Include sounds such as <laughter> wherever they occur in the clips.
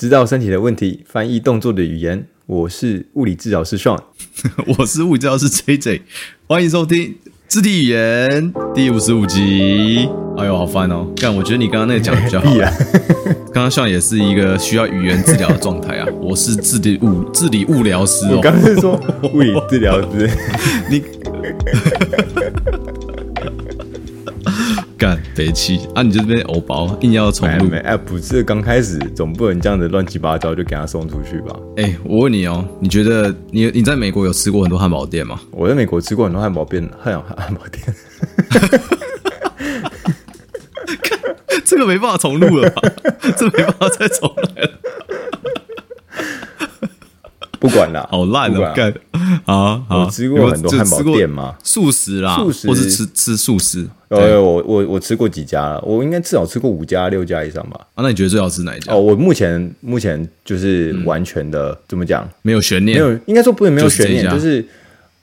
知道身體的問題，翻譯動作的語言。我是物理治療師 Sean， <laughs> 我是物理治療師 JJ。歡迎收聽知體語言第五十五集。哎呦，好煩哦！但我覺得你剛剛那個講得比較好。 <laughs> 剛剛 Sean 也是一個需要語言治療的狀態啊。我是肢體物肢體物理治療師哦。我剛才說物理治療師。 <laughs> 你。 <laughs> 別氣啊！你這邊歐包硬要重錄，哎、啊，不是剛開始，總不能這樣子亂七八糟就給他送出去吧？哎、欸，我問你哦，你覺得你你在美國有吃過很多漢堡店嗎？我在美國吃過很多漢堡店，漢堡店， <laughs> <laughs> 這個沒辦法重錄了吧？ <laughs> <laughs> 這沒辦法再重來了。不管啦好了，管啦好爛的幹啊！我吃過很多漢堡店嘛，素食啦，素食或是吃吃素食。呃，我我我吃過幾家，我應該至少吃過五家六家以上吧。啊，那你覺得最好吃哪一家？哦，我目前目前就是完全的，怎、嗯、麼講？沒有懸念，沒有，應該說不會沒有懸念，就是、就是、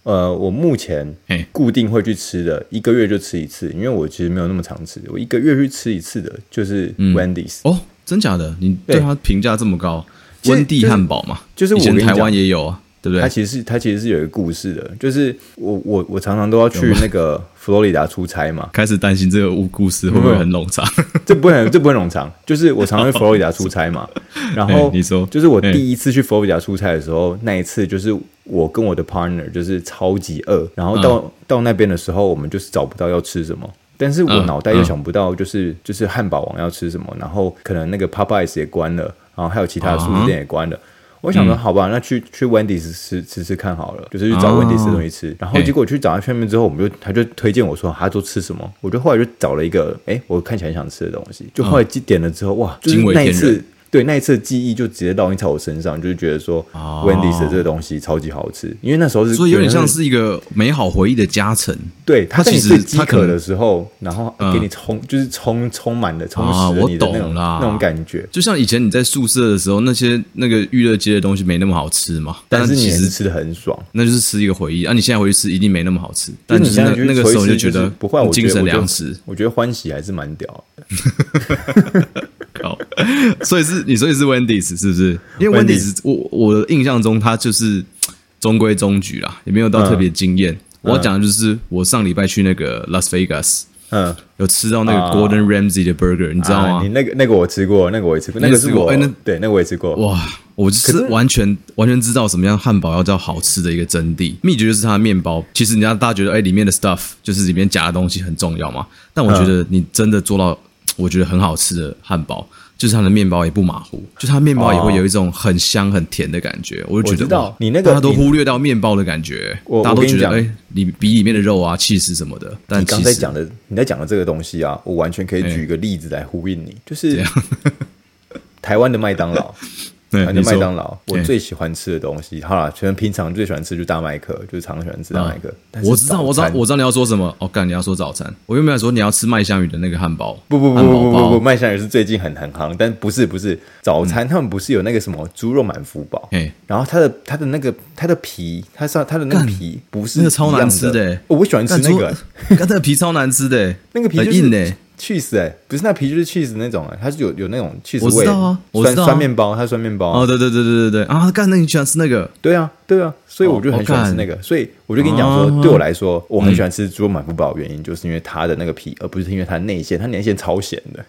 呃，我目前固定會去吃的一個月就吃一次，因為我其實沒有那麼常吃，我一個月去吃一次的，就是 Wendy's，嗯。哦，真假的？你對他評價這麼高？欸溫蒂漢堡嘛，就是我跟台灣也有啊，對不對？它其實是它其實是有一個故事的，就是我我我常常都要去那個佛羅里達出差嘛，開始擔心這個故事會不會很冗長？ <laughs> 這不會，這不會冗長。就是我常常去佛羅里達出差嘛， <laughs> 然後、欸、你說，就是我第一次去佛羅里達出差的時候、欸，那一次就是我跟我的 partner 就是超級餓，然後到、嗯、到那邊的時候，我們就是找不到要吃什麼，但是我腦袋又想不到、就是嗯，就是就是漢堡王要吃什麼，然後可能那個 Publix 也關了。然後還有其他的素食店也關了、uh。-huh. 我想說，好吧，嗯、那去去 Wendy's 吃吃吃看好了，就是去找 Wendy's 吃的東西吃。Uh -huh. 然後結果去找他見面之後，我們就他就推薦我說，他周吃什麼？我就後來就找了一個，哎，我看起來想吃的東西，就後來點了之後，uh -huh. 哇，就為、是、那一次。對，那一次記憶就直接到你在我身上，就是覺得說、啊、Wendy's 的這個東西超級好吃，因為那時候是，是，所以有點像是一個美好回憶的加成。對他其實他渴的時候，然後給你充、嗯，就是充充滿了充實了你那、啊、我懂那啦，那種感覺。就像以前你在宿舍的時候，那些那個預熱機的東西沒那麼好吃嘛，但是其實吃得很，很爽，那就是吃一個回憶啊。你現在回去吃一定沒那麼好吃，但是那、就是、那，那個時候你就覺得不換，我覺得精神糧食，我覺得歡喜還是蠻屌的。 <laughs> 好，所以是你說的是 Wendy's 是不是？因為 Wendy's, Wendy's 我我印象中他就是中規中矩啦，也沒有到特別驚豔。我要講的就是我上禮拜去那個 Las Vegas，嗯，有吃到那個 Gordon、啊、Ramsay 的 burger，你知道嗎？那個那個我吃過，那個我也吃過，那個吃過，哎、那個欸，那對，那個、我也吃過。哇，我就是完全是完全知道什麼樣漢堡要叫好吃的一個真諦，秘訣就是它的麵包。其實你讓大家覺得哎、欸，裡面的 stuff 就是裡面夾的東西很重要嘛，但我覺得你真的做到。嗯我覺得很好吃的漢堡，就是它的麵包也不馬虎，就是、它麵包也會有一種很香很甜的感覺，我就覺得，你那個大家都忽略到麵包的感覺，我大家都覺得，你裡比、哎、裡面的肉啊、起司什麼的，但剛才講的你在講的這個東西啊，我完全可以舉一個例子來呼應你，就是台灣的麥當勞。 <laughs> 啊，就麥當勞，我最喜歡吃的東西。好了，全平常最喜歡吃就大麥克，就是常，常喜歡吃大麥克、啊。我知道，我知道，我知道你要說什麼。哦，幹，你要說早餐？我又沒有說你要吃麥香魚的那個漢堡。不不不不不，不，不，不，麥香魚是最近很很夯，但不是不是早餐。他們不是有那個什麼豬肉滿福堡，嗯？然後它的它的那個它的皮，它上它的那個皮不是、那個、超難吃的、哦。我不喜歡吃那個，它的皮超難吃的， <laughs> 那個皮、就是、很硬的。cheese 哎、欸，不是那皮就是 cheese 那種哎、欸，它是有有那種 cheese 味酸、啊、酸麵、啊、包，它是酸麵包、啊、哦，對對對對對對，啊，幹，那你喜歡吃那個，對啊，對啊，所以我就很喜歡吃那個，哦、所以我就跟你講說，哦、對我來說、嗯，我很喜歡吃豬肉滿福堡的原因，就是因為它的那個皮，嗯，而不是因為它的內餡，它內餡超鹹的，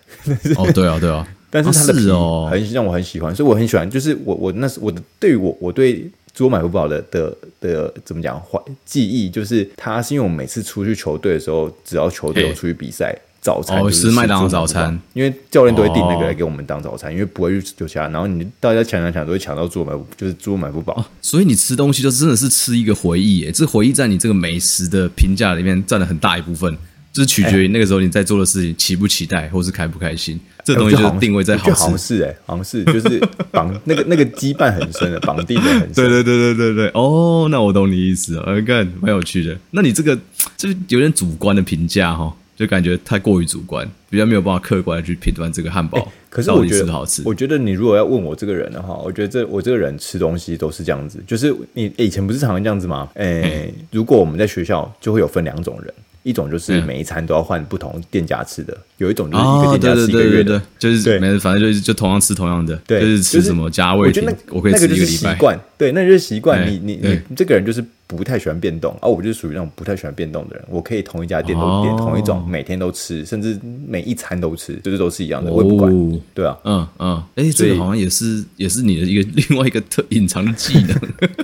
哦對啊對啊，對啊 <laughs> 但是它的皮、啊、哦，很讓我很喜歡，所以我很喜歡，就是我我那是我的對於我我對豬肉滿福堡的的的怎麼講，記憶就是它是因為我每次出去球隊的時候，只要球隊有出去比賽。早餐就吃、哦、麥當勞早，早餐，因為教練都會訂那個來給我們當早餐，哦、因為不會去吃酒家。然後你大家搶來搶，都會搶到，做買就是做買不飽、啊。所以你吃東西就真的是吃一個回憶，誒，這回憶在你這個美食的評價裡面占了很大一部分，就是取決於、哎、那個時候你在做的事情期不期待，或是開不開心。這東西就是定位在好吃哎，好吃、欸、就是綁 <laughs> 那個那個羈絆很深的綁定的，很深。對對對對對對。哦，那我懂你意思，啊，哥，蠻有趣的。那你這個就是有點主觀的評價哈。哦就感覺太過於主觀，比較沒有辦法客觀地去評斷這個漢堡，欸，可是我覺得到底是不是好吃。我覺得你如果要問我這個人的話，我覺得這我這個人吃東西都是這樣子，就是你、欸、以前不是常常這樣子嗎？誒、欸嗯，如果我們在學校就會有分兩種人。一種就是每一餐都要換不同店家吃的，yeah. 有一種就是一個店家吃一個月的，oh, 對，對，對對對，就是每事，反正就就同樣吃同樣的，對就是吃什麼加味品，我，那，我可以吃一個禮拜。那個就是習慣，對，那個、就是習慣。你、hey. 你你，你 hey. 你這個人就是不太喜歡變動，而、hey. 啊、我就是屬於那種不太喜歡變動的人。我可以同一家店都，同、oh. 同一種，每天都吃，甚至每一餐都吃，就是都是一樣的，oh. 我不管。對啊，嗯嗯，哎，這個好像也是也是你的一個另外一個特隱藏的技能。 <laughs>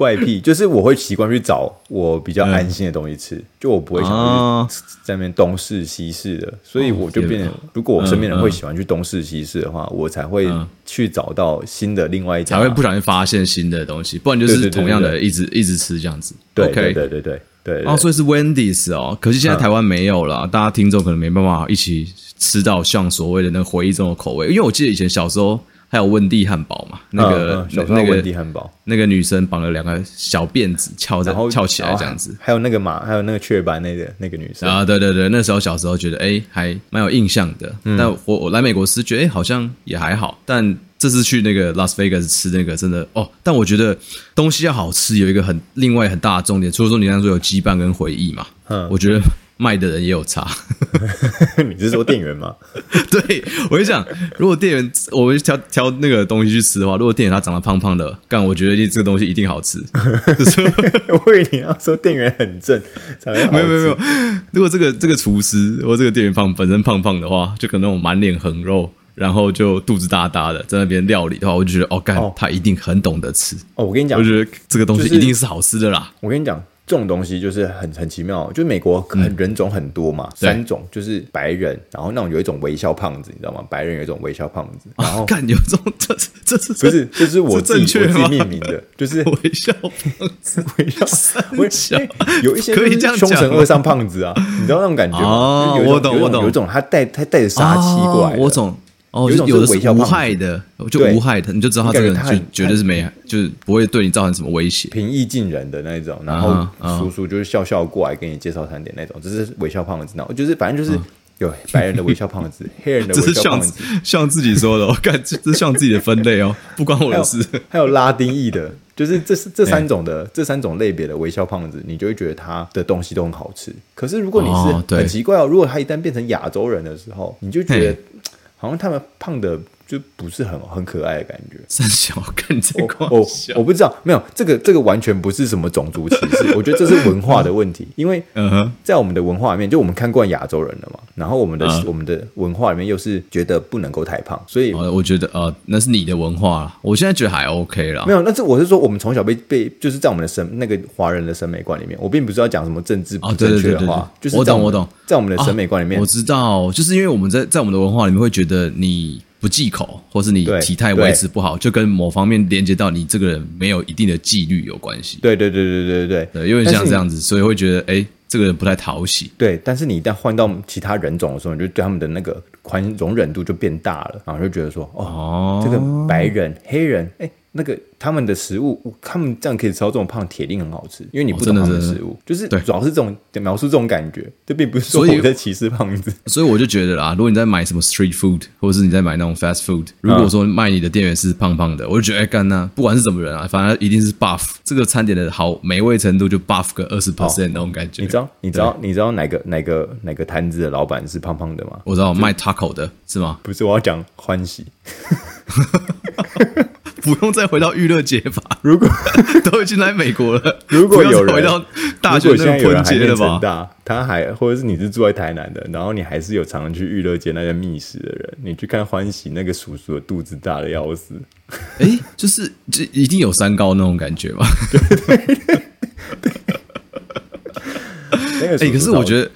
怪癖，就是我會習慣去找我比較安心的東西吃，嗯、就我不會想在那邊東試西試的，啊，所以我就變成。如果我身邊人會喜歡去東試西試的話，嗯嗯，我才會去找到新的另外一家，才會不小心發現新的東西，不然就是同樣的對對對對對一直一直吃這樣子。對，對，對，對，對，okay、對，對，對，對，對，對，對，對，對、啊。然後所以是 Wendy's 哦可是現在台灣沒有了，嗯，大家聽眾可能沒辦法一起吃到像所謂的那個回憶中的口味，因為我記得以前小時候。還有溫蒂漢堡嘛？那個、哦哦、小時候溫蒂漢堡、那個，那個女生綁了兩個小辮子翹，翹然後翹起來這樣子。還有那個馬，還有那個雀斑那個那個女生啊，對對對，那時候小時候覺得哎、欸，還蠻有印象的。嗯、但我我來美國時覺得哎、欸，好像也還好。但這次去那個拉斯維加斯吃那個真的哦，但我覺得東西要好吃有一個很另外很大的重點，除了說你剛才說有羈絆跟回憶嘛，嗯、我覺得。賣的人也有差 <laughs> 你是說店員嗎？對，我就想，如果店員我會挑挑那個東西去吃的話，如果店員他長得胖胖的，幹，我覺得這個東西一定好吃。 <laughs> 我以為你要說店員很正？沒有沒有沒有，如果這個這個廚師或這個店員胖，本身胖胖的話，就可能我滿臉橫肉，然後就肚子大大的，在那邊料理的話，我就覺得哦，幹、哦，他一定很懂得吃。哦，我跟你講，我覺得這個東西一定是好吃的啦。就是、我跟你講。這種東西就是很很奇妙，就美國很人種很多嘛、嗯，三種就是白人，然後那種有一種微笑胖子，你知道嗎？白人有一種微笑胖子，然後感覺、啊、有種這這是，這是不是就是我自己這是正確命名的，就是微笑胖子，微笑微笑，有一些可以這樣凶神惡煞胖子啊，你知道那種感覺嗎？啊、有種我懂，我懂，有一種他帶他帶着殺氣過來，我哦，有一種是微笑胖子，有的是無害的，就無害的，你就知道他這個人就絕對是沒，就是不會對你造成什麼威脅。平易近人的那一種，然後叔叔就是笑笑過來給你介紹餐點那種，只，uh -uh, uh -uh. 是微笑胖子。那我就是反正就是有白人的微笑胖子，uh -huh. 黑人的微笑胖子， <laughs> 這是像，像自己說的，哦， <laughs> 我感覺這是像自己的分類哦，不關我的事。還有，還有拉丁裔的， <laughs> 就是這這三種的 <laughs> 這三種類別的微笑胖子，你就會覺得他的東西都很好吃。可是如果你是很奇怪哦，oh, 如果他一旦變成亞洲人的時候，你就覺得。好像他們胖的。就不是很很可愛的感覺，三小跟這個我，我，我不知道，沒有這個這個完全不是什麼種族歧視， <laughs> 我覺得這是文化的問題，因為嗯哼，在我們的文化裡面，就我們看慣亞洲人了嘛，然後我們的、嗯、我們的文化裡面又是覺得不能夠太胖，所以、哦、我覺得呃那是你的文化，我現在覺得還 OK 了，沒有，那這我是說，我們從小被被就是在我們的審那個華人的審美觀裡面，我並不是要講什麼政治不正確的話、哦、對對對對對就是我，我懂我懂，在我們的審美觀裡面、哦，我知道，就是因為我們在在我們的文化裡面會覺得你。不忌口，或是你體態維持不好，就跟某方面連接到你這個人沒有一定的紀律有關係。對對對對對對對，對，因為像這樣子，所以會覺得哎、欸，這個人不太討喜。對，但是你一旦換到其他人種的時候，你就對他們的那個寬容忍度就變大了，然後就覺得說哦，哦，這個白人、黑人，哎、欸，那個。他們的食物，他們這樣可以吃到這種胖，鐵定很好吃。因為你不能吃食物、哦，就是主要是這種描述這種感覺。這並不是說我在歧視胖子所，所以我就覺得啦，如果你在買什麼 street food，或者是你在買那種 fast food，如果說賣你的店員是胖胖的，哦、我就覺得哎、欸、幹呢、啊，不管是什麼人啊，反正一定是 buff。這個餐點的好美味程度就 buff 個二十 percent 那種感覺、哦。你知道，你知道，你知道哪個哪個哪個攤子的老闆是胖胖的嗎？我知道，我賣 taco 的是嗎？不是，我要講歡喜， <laughs> <laughs> 不用再回到預。熱節法，如果都已經來美國了， <laughs> 如果有人回到大學，現在有人還變他還或者是你是住在台南的，然後你還是有常常去育樂街那些密室的人，你去看歡喜那個叔叔的肚子大的要死，哎、欸，就是就一定有三高那種感覺吧？ <laughs> 對對對，那哎，可是我覺得，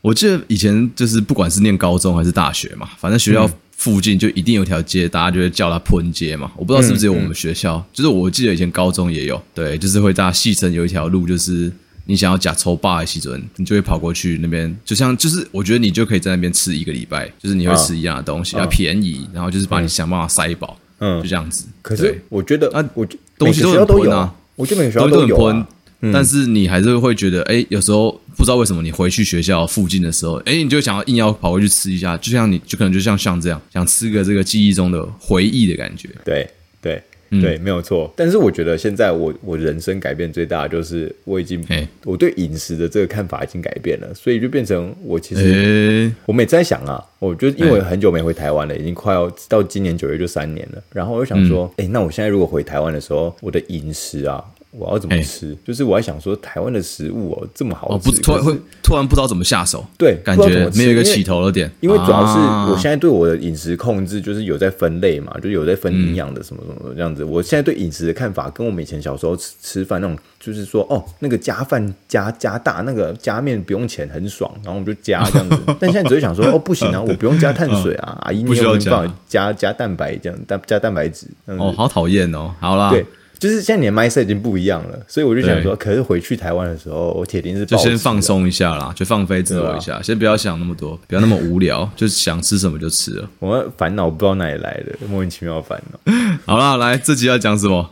我記得以前就是不管是念高中還是大學嘛，反正學校、嗯。附近就一定有條街，大家就會叫它“噴街”嘛。我不知道是不是有我們學校、嗯嗯，就是我記得以前高中也有，對，就是會大家戲稱有一條路，就是你想要假抽霸的時候，你就會跑過去那邊。就像就是，我覺得你就可以在那邊吃一個禮拜，就是你會吃一樣的東西、嗯，要便宜，然後就是把你想辦法塞飽，嗯，就這樣子。可是我覺得啊，我東西都很都有啊，我這邊學校都但是你還是會覺得，哎、欸，有時候不知道為什麼，你回去學校附近的時候，哎、欸，你就想要硬要跑回去吃一下，就像你就可能就像像這樣，想吃個這個記憶中的回憶的感覺。對，對，嗯、對，沒有錯。但是我覺得現在我我人生改變最大的就是我已經，欸、我對飲食的這個看法已經改變了，所以就變成我其實、欸、我也在想啊，我就因為很久沒回台灣了、欸，已經快要到今年九月就三年了，然後我就想說，哎、嗯欸，那我現在如果回台灣的時候，我的飲食啊。我要怎麼吃、欸？就是我還想說，台灣的食物哦、喔、這麼好吃，哦、不突然會突然不知道怎麼下手，對，感覺沒有一個起頭的點。因為,、啊、因為主要是我現在對我的飲食控制，就是有在分類嘛，就是、有在分營養的什麼什麼這樣子。嗯、我現在對飲食的看法，跟我們以前小時候吃吃飯那種，就是說哦，那個加飯加加大，那個加面不用錢很爽，然後我們就加這樣子。 <laughs> 但現在只會想說，哦不行啊，我不用加碳水啊，阿姨、啊啊啊啊，不需要加、啊、加加蛋白這樣，加蛋白質哦，好討厭哦，好啦對。就是現在你的麥色已經不一樣了，所以我就想說，可是回去台灣的時候，我鐵定是就先放鬆一下啦，就放飛自我一下，先不要想那麼多，不要那麼無聊， <laughs> 就想吃什麼就吃了。我煩惱不知道哪裡來的，莫名其妙的煩惱。 <laughs> 好了，來這集要講什麼？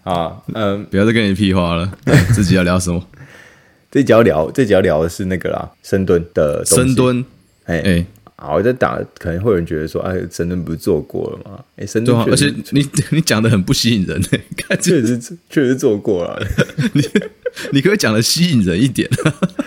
<laughs> 啊，嗯，不要再跟你屁話了， <laughs> 嗯、自己要聊什麼？ <laughs> 這集要聊，這集要聊的是那個啦，深蹲的深蹲，哎、欸、哎。欸啊，我在打，可能會有人覺得說，哎，深蹲不是做過了嗎？哎、欸，深蹲，對、啊，而且你你講的很不吸引人、欸，確實確實做過了，你 <laughs> 你可，可以講的吸引人一點。 <laughs>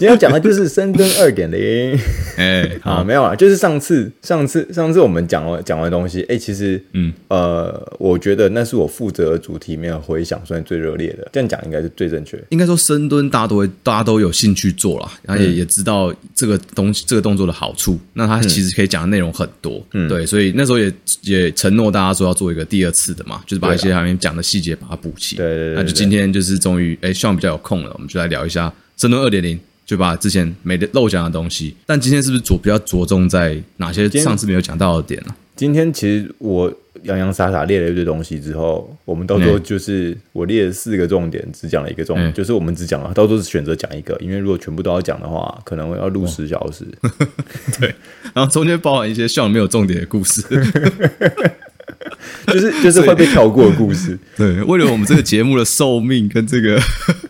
今天講的就是深蹲二點零，哎，好，啊、沒有啊，就是上次、上次、上次我們講了講完東西，哎、欸，其實，嗯，呃，我覺得那是我負責的主題沒有回響算是最熱烈的，這樣講應該是最正確的。應該說深蹲，大家都會，大家都有興趣做了，然後也、嗯、也知道這個東西，這個動作的好處。那它其實可以講的內容很多、嗯，對，所以那時候也也承諾大家說要做一個第二次的嘛，嗯、就是把一些還沒講的細節把它補齊。對，對，對，對，對，對，對，那就今天就是終於，哎、欸，希望比較有空了，我們就來聊一下深蹲二點零。就把之前沒的漏講的東西，但今天是不是比較着重在哪些上次沒有講到的點呢？啊？今天其實我洋洋灑灑列了一堆東西之後，我們到時候就是我列了四個重點，嗯、只講了一個重點，嗯、就是我們只講了，到時候是選擇講一個，因為如果全部都要講的話，可能我要錄十小時。哦、 <laughs> 對，然後中間包含一些 Sean 沒有重點的故事， <laughs> 就是就是會被跳過的故事。對，為了我們這個節目的壽命跟這個。 <laughs>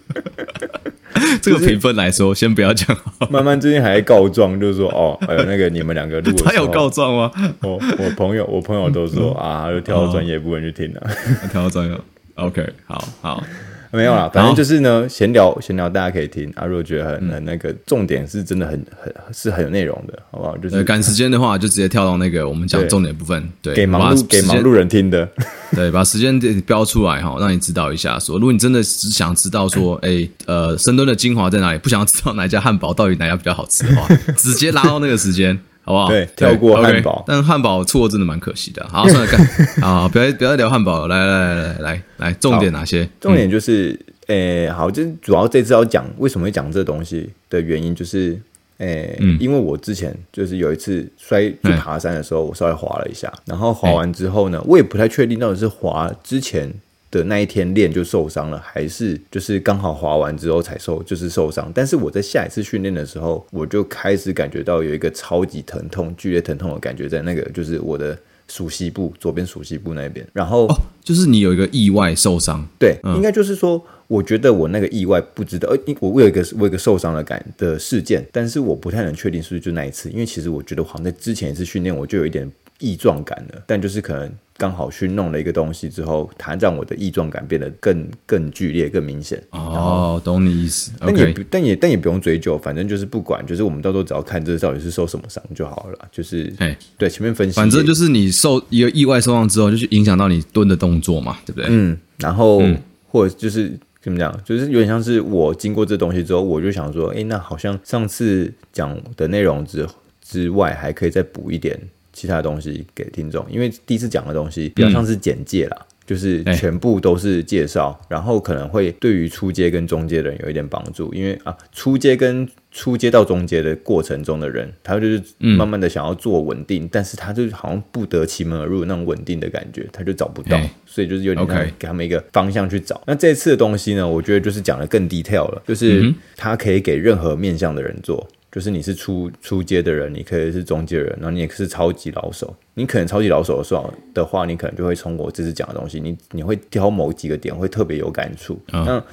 這個評分來說，就是、先不要講。曼曼最近還在告狀，就是說， <laughs> 哦，還、哎、有那個你們兩個如果，他有告狀嗎？我我朋友，我朋友都說 <laughs> 啊，他就調到專業部門、哦、去聽了，調、啊、專業。 <laughs> OK，好，好。沒有啦，反正就是呢，閒聊閒聊，閒聊大家可以聽。阿、啊、如覺得很很、嗯、那個，重點是真的很很是很有內容的，好不好？就是趕時間的話，就直接跳到那個我們講重點部分對。對，給忙碌給忙碌人聽的，對，把時間標出來哈、哦，讓你知道一下。說，如果你真的只想知道說，哎呃，深蹲的精華在哪裡，不想要知道哪一家漢堡到底哪家比較好吃的話，直接拉到那個時間。 <laughs> 好不好？對，跳過漢堡，okay, 但漢堡錯過真的蠻可惜的。好，上來看， <laughs> 好，不要，不要聊漢堡了。來來來來來來，重點哪些？重點就是，誒、嗯欸，好，就是主要這次要講為什麼會講這東西的原因，就是，誒、欸嗯，因為我之前就是有一次摔去爬山的時候，我稍微滑了一下、嗯，然後滑完之後呢，我也不太確定到底是滑之前的那一天練就受傷了，還是就是剛好滑完之後才受，就是受傷。但是我在下一次訓練的時候，我就開始感覺到有一個超級疼痛、劇烈疼痛的感覺在那個，就是我的鼠蹊部左邊鼠蹊部那邊。然後、哦、就是你有一個意外受傷，對、嗯，應該就是說，我覺得我那個意外不值得。呃，我我有一個我有一個受傷的感的事件，但是我不太能確定是不是就那一次，因為其實我覺得好像在之前一次訓練我就有一點異狀感了，但就是可能。剛好去弄了一個東西之後，它讓我的異狀感變得更更劇烈、更明顯。哦，懂你意思。但也、okay、但也但也，但也不用追究，反正就是不管，就是我們到時候只要看這到底是受什麼傷就好了。就是，對，前面分析，反正就是你受一個意外受傷之後，就去影響到你蹲的動作嘛，對不對？嗯，然後、嗯、或者就是怎麼講，就是有點像是我經過這東西之後，我就想說，哎，那好像上次講的內容之之外，還可以再補一點。其他的東西給聽眾，因為第一次講的東西比較像是簡介啦，嗯、就是全部都是介紹、欸，然後可能會對於初階跟中階的人有一點幫助，因為啊，初階跟初階到中階的過程中的人，他就是慢慢的想要做穩定、嗯，但是他就好像不得其門而入那種穩定的感覺，他就找不到，欸、所以就是有點 OK，給他們一個方向去找。嗯、那這次的東西呢，我覺得就是講得更 detail 了，就是他可以給任何面向的人做。就是你是初初階的人，你可以是中階的人，然後你也是超級老手，你可能超級老手的時候的話，你可能就會從我這次講的東西，你你會挑某幾個點會特別有感觸。哦、那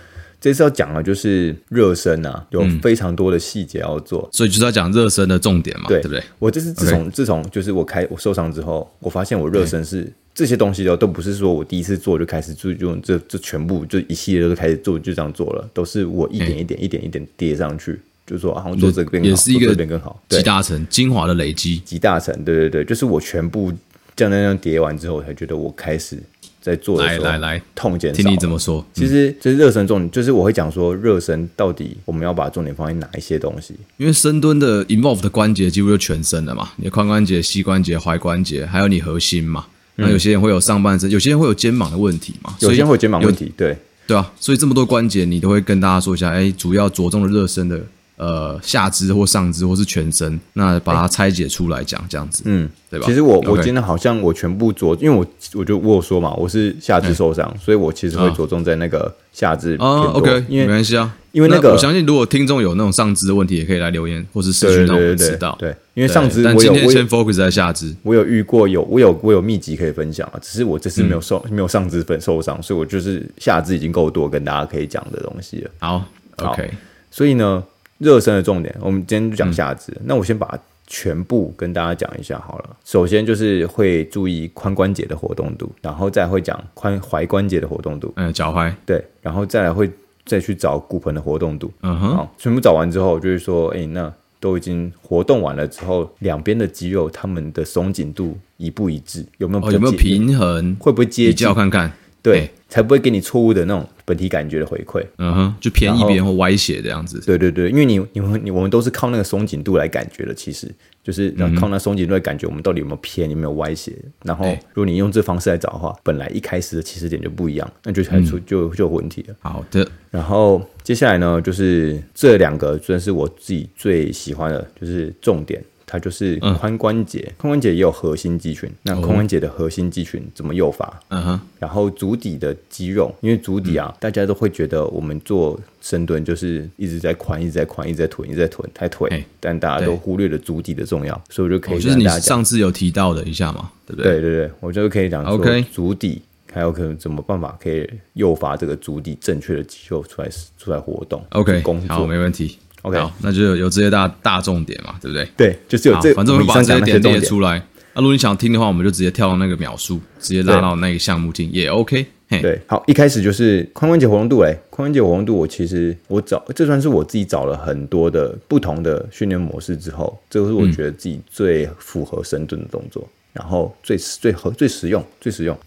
這次要講的，就是熱身啊，有非常多的細節要做、嗯，所以就是要講熱身的重點嘛，對，對不對？我這是自從、okay. 自從就是我開我受傷之後，我發現我熱身是、嗯、這些東西都都不是說我第一次做就開始做，就就，就全部就一系列都開始做就這樣做了，都是我一點一點一點一點,一點疊上去。嗯就是、說啊，我做這個更好，也是一個變更好，集大成精華的累積，集大成，對對對，就是我全部這樣這樣疊完之後，我才覺得我開始在做的來來來痛減。聽你怎麼說？嗯、其實這是熱身重點，就是我會講說熱身到底我們要把重點放在哪一些東西？因為深蹲的 involved 的關節幾乎就全身了嘛，你的髖關節、膝關節、踝關節，還有你核心嘛。那、嗯、有些人會有上半身，有些人會有肩膀的問題嘛，有些人會有肩膀問題，對對啊，所以這麼多關節，你都會跟大家說一下，哎，主要着重的熱身的。呃，下肢或上肢，或是全身，那把它拆解出來講，這樣子、欸，嗯，對吧？其實我 okay，我今天好像我全部着，因為我我就我有說嘛，我是下肢受傷、欸，所以我其實會着重在那個下肢 OK、哦、因為、啊、okay，因為沒關係啊，因為那個那我相信，如果聽眾有那種上肢的問題，也可以來留言或是社區讓我知道，對，因為上肢我有我先 focus 在下肢，我有遇過有我有秘籍可以分享啊，只是我這次沒有受、嗯、沒有上肢很受傷，所以我就是下肢已經夠多跟大家可以講的東西了。好，好，OK，所以呢。熱身的重點，我們今天就講下肢。嗯、那我先把全部跟大家講一下好了。首先就是會注意髖關節的活動度，然後再會講髖踝關節的活動度，嗯，腳踝，對，然後再來會再去找骨盆的活動度，嗯哼，好，全部找完之後就是說，哎、欸，那都已經活動完了之後，兩邊的肌肉它們的鬆緊度一不一致，有沒有、哦、有沒有平衡，會不會接近？比較看看，對。欸才不會給你錯誤的那種本體感覺的回饋，嗯哼，就偏一邊或歪斜的這樣子。對對對，因為你、你們、我們都是靠那個鬆緊度來感覺的，其實就是然後靠那鬆緊度來感覺我們到底有沒有偏，有沒有歪斜。然後，如果你用這方式來找的話、欸，本來一開始的起始點就不一樣，那就才出、嗯、就就有問題了。好的，然後接下來呢，就是這兩個算是我自己最喜歡的就是重點。它就是髖關節、嗯，髖關節也有核心肌群。那、嗯、髖關節的核心肌群怎麼誘發？嗯哼。然後足底的肌肉，因為足底啊、嗯，大家都會覺得我們做深蹲就是一直在髖、一直在髖、一直在臀、一直在臀腿，抬腿。但大家都忽略了足底的重要，所以就可以、哦、就是你上次有提到的，一下嘛，對不對？對對對，我就可以講說，OK。足底還有可能怎麼辦法可以誘發這個足底正確的肌肉出來出來活動？OK，好，沒問題。OK，好，那就有，有這些大大重點嘛，對不對？對，就是有這個，反正我們把這些點列出來那點。那如果你想聽的話，我們就直接跳到那個秒數，直接拉到那個項目進也、yeah, OK、hey。對，好，一開始就是髖關節活動度誒，髖關節活動度我其實我找，這算是我自己找了很多的不同的訓練模式之後，這個是我覺得自己最符合深蹲的動作，嗯、然後最最合最實用，最實用。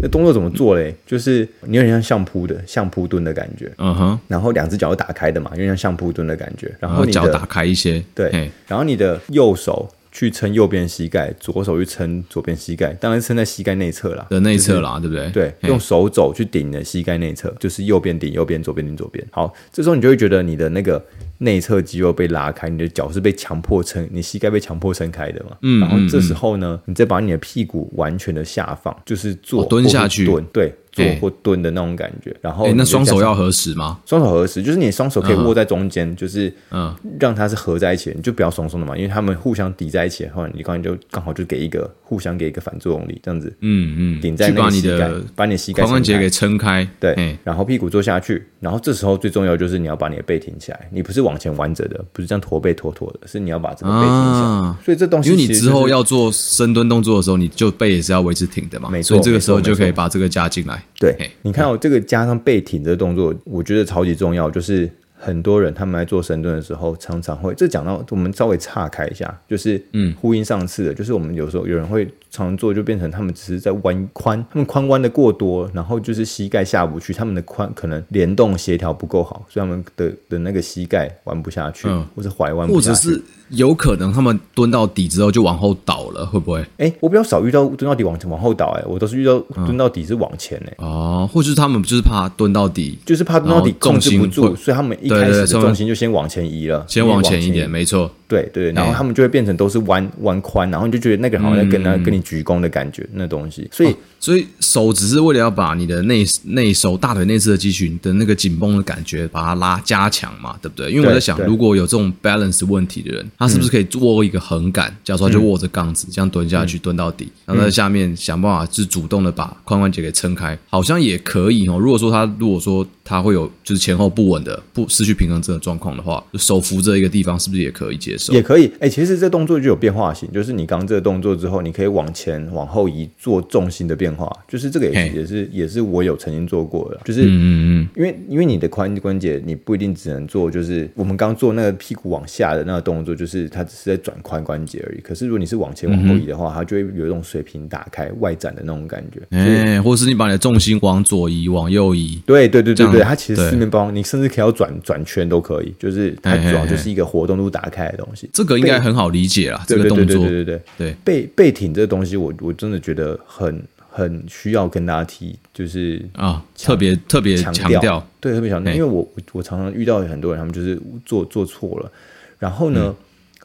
那動作怎麼做嘞？就是你有點像相撲的相撲蹲的感覺，嗯哼，然後兩隻腳要打開的嘛，有點像相撲蹲的感覺，然後腳打開一些，uh -huh. 對，然後你的右手去撐右邊膝蓋，hey. 左手去撐左邊膝蓋，當然撐在膝蓋內側啦，的內側啦，就是，對不對？對，hey. 用手肘去頂你的膝蓋內側，就是右邊頂右邊，左邊頂左邊。好，這時候你就會覺得你的那個。內側肌肉被拉開，你的腳是被強迫撐，你膝蓋被強迫撐開的嘛？嗯，然後這時候呢，你再把你的屁股完全的下放，就是坐、哦、蹲下去，哦、蹲，對。坐或蹲的那種感覺，欸、然後哎、欸，那雙手要合十嗎？雙手合十，就是你雙手可以握在中間，嗯、就是嗯，讓它是合在一起，嗯、你就不要鬆鬆的嘛，因為它們互相抵在一起的話，後來你剛就剛好就給一個互相給一個反作用力，這樣子，嗯嗯，頂在你的把你的膝蓋髖關節給撐開，撐開對、嗯，然後屁股坐下去，然後這時候最重要就是你要把你的背挺起來，你不是往前彎着的，不是這樣駝背駝駝的，是你要把這個背挺起來，啊、所以這東西、就是、因為你之後要做深蹲動作的時候，你就背也是要維持挺的嘛，沒錯，所以這個時候就可以把這個加進來。對、okay. 你看，我這個加上背挺這個動作，我覺得超級重要。就是很多人他們在做深蹲的時候，常常會這講到，我們稍微岔開一下，就是嗯，呼應上次的，就是我們有時候有人會。常做就變成他們只是在彎髖，他們髖彎的過多，然後就是膝蓋下不去，他們的髖可能聯動協調不夠好，所以他們的的那個膝蓋彎不下去，嗯、或者踝彎不下去，或者是有可能他們蹲到底之後就往後倒了，會不會？哎、欸，我比較少遇到蹲到底往前往後倒，欸，哎，我都是遇到蹲到底是往前，欸、哎、嗯、哦，或者是他們就是怕蹲到底，就是怕蹲到底控制不住，所以他們一開始的重心就先往前移了，先往前一點，沒錯。對對，然後他們就會變成都是彎彎髖，然後你就覺得那個好像在跟他、嗯、跟你鞠躬的感覺，那東西。所以、哦、所以手只是為了要把你的內內收大腿內側的肌群的那個緊繃的感覺，把它拉加強嘛，對不對？因為我在想，如果有這種 balance 問題的人，他是不是可以握一個橫杆，嗯、假裝就握着槓子，這樣蹲下去、嗯、蹲到底，然後在下面想辦法是主動的把髖關節給撐開，好像也可以哦。如果說他如果說他會有就是前後不穩的不失去平衡這種狀況的話，手扶着一個地方是不是也可以解？也可以，哎、欸，其實這動作就有變化型，就是你剛這個動作之後，你可以往前往後移，做重心的變化，就是這個也是也是也是我有曾經做過的，就是嗯嗯嗯，因為因為你的髖關節你不一定只能做，就是我們剛做那個屁股往下的那個動作，就是它只是在轉髖關節而已。可是如果你是往前往後移的話、嗯，它就會有一種水平打開、外展的那種感覺，哎，或是你把你的重心往左移、往右移，對對對對對，它其實四面八方，你甚至可以要轉轉圈都可以，就是它主要就是一個活動度打開的。這個應該很好理解啦。這個動作，對對對，背背挺這個東西我，我我真的覺得很很需要跟大家提，就是啊、哦，特別特別強調，對特別強調，因為我我常常遇到很多人，他們就是做做錯了，然後呢、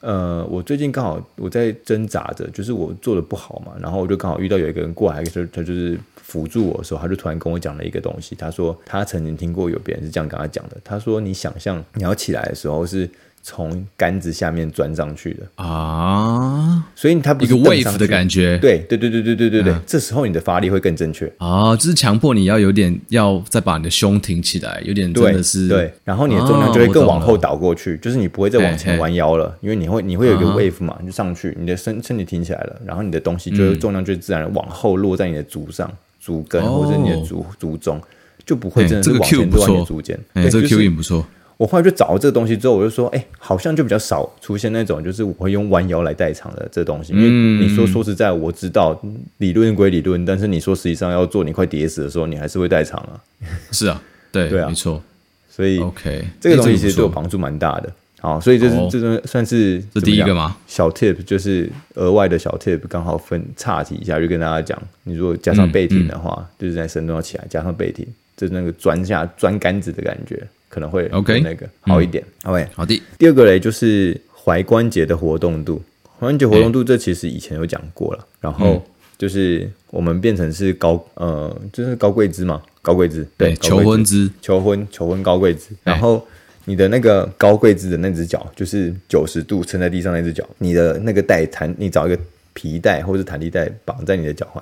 嗯，呃，我最近剛好我在掙扎着，就是我做的不好嘛，然後我就剛好遇到有一個人過來，他他就是輔助我的時候，他就突然跟我講了一個東西，他說他曾經聽過有別人是這樣跟他講的，他說你想象你要起來的時候是。從桿子下面鑽上去的啊，所以它不是蹲上去，一個 wave 的感覺，對對對對對對對對、啊，這時候你的發力會更正確啊，就是強迫你要有點要再把你的胸挺起來，有點真的是對。對，然後你的重量、啊、就會更往後倒過去，就是你不會再往前彎腰了，哎哎、因為你會你會有一個 wave 嘛，啊、你就上去，你的身身體挺起來了，然後你的東西就、嗯、重量就自然往後落在你的足上、足跟、哦、或者你的足足中，就不會真的是、哎、往前撞你的足尖、哎，這個 Q、就是、也不錯。我後來就找了這個東西之後，我就說，哎、欸，好像就比較少出現那種，就是我會用彎腰來代償的這東西。嗯、因為你說說實在，我知道理論歸理論，但是你說實際上要做，你快跌死的時候，你還是會代償啊。是啊，對 <laughs> 對啊，沒錯。所以，OK，這個東西其實對我幫助蠻大的、欸這個。好，所以這是、哦、這是算是、哦、這是第一個嗎？小 tip 就是額外的小 tip，剛好分岔提一下，就跟大家講，你如果加上背挺的話，嗯、就是在深蹲要起來、嗯，加上背挺，就、嗯、是那個鑽下鑽桿子的感覺。可能會 OK 那個好一點，OK、嗯、好的。第二個嘞，就是踝關節的活動度，踝關節活動度這其實以前有講過了、欸。然後就是我們變成是高呃，就是高跪姿嘛，高跪姿、欸、對，高跪姿，求婚姿，求婚求婚高跪姿、欸。然後你的那個高跪姿的那隻腳，就是九十度撐在地上那隻腳，你的那個帶彈，你找一個皮帶或是彈力帶綁在你的腳踝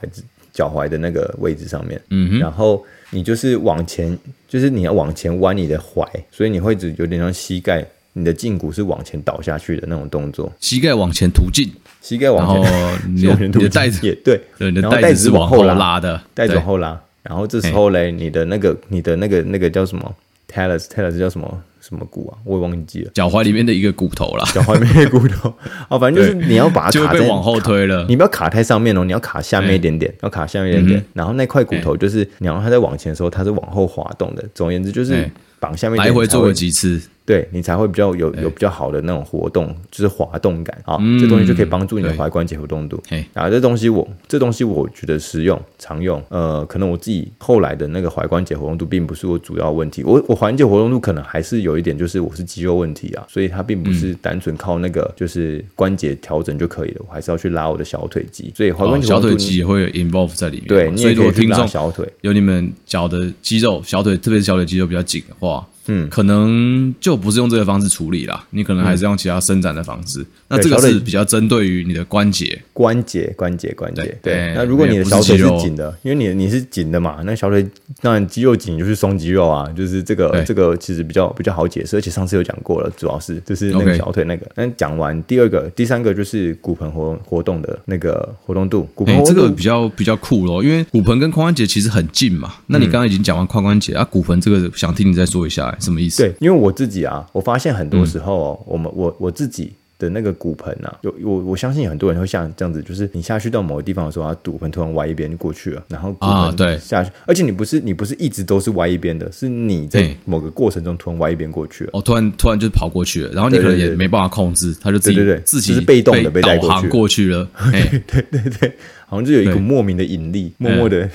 腳踝的那個位置上面，嗯、然後你就是往前。就是你要往前彎你的踝，所以你會只有點像膝蓋，你的脛骨是往前倒下去的那種動作，膝蓋往前突進，膝蓋往前後，膝蓋往前突進，也 <laughs> 對，對，對你的帶子然後，帶子，後拉拉的帶子往後拉的，帶子後拉，然後這時候嘞，你的那個，你的那個，那個叫什麼、哎、Talus，Talus 叫什麼？什麼骨啊？我也忘記了。腳踝裡面的一個骨頭啦，嗯、腳踝裡面的骨頭啊、 <laughs> 哦，反正就是你要把它卡住，往後推了。你不要卡太上面哦，你要卡下面一點點，欸、要卡下面一點點。嗯、然後那塊骨頭就是，然後它在往前的時候，它是往後滑動的。總而言之就是。欸綁下面來回做過幾次，對，你才會比較有有比較好的那種活動，就是滑動感啊。這東西就可以幫助你的踝關節活動度。然後這東西我這東西我覺得實用常用。呃，可能我自己後來的那個踝關節活動度並不是我主要問題。我我踝關節活動度可能還是有一點，就是我是肌肉問題啊，所以它並不是單純靠那個就是關節調整就可以了。我還是要去拉我的小腿肌，所以踝關節小腿肌也會有 involve 在裡面。對，所以我聽眾小腿，有你們腳的肌肉、小腿，特別是小腿肌肉比較緊的話。嗯，可能就不是用這個方式處理啦，你可能還是用其他伸展的方式。嗯、那這個是比較針對於你的關節，關節，關節，關節。對，對，對、欸，那如果你的小腿是緊的是，因為你你是緊的嘛，那小腿當然肌肉緊就是鬆肌肉啊，就是這個這個其實比較比較好解釋。而且上次有講過了，主要是就是那個小腿那個。那、okay, 講完第二個、第三個就是骨盆活活動的那個活動度，骨盆、欸、這個比較比較酷咯，因為骨盆跟髖關節其實很近嘛。嗯、那你剛剛已經講完髖關節啊，骨盆這個想聽你再說一下、欸。什麼意思？對，因為我自己啊，我發現很多時候哦，我們我我自己的那個骨盆啊，有我我相信很多人會像這樣子，就是你下去到某個地方的時候，他骨盆突然歪一邊就過去了，然後骨盆對，下去、啊，而且你不是你不是一直都是歪一邊的，是你在某個過程中突然歪一邊過去了，欸、哦，突然突然就跑過去了，然後你可能也沒辦法控制，對對對他就自己對,對對，自己是被動的被帶過去過去了，去了 <laughs> 對對對對，好像就有一股莫名的引力，默默的、嗯。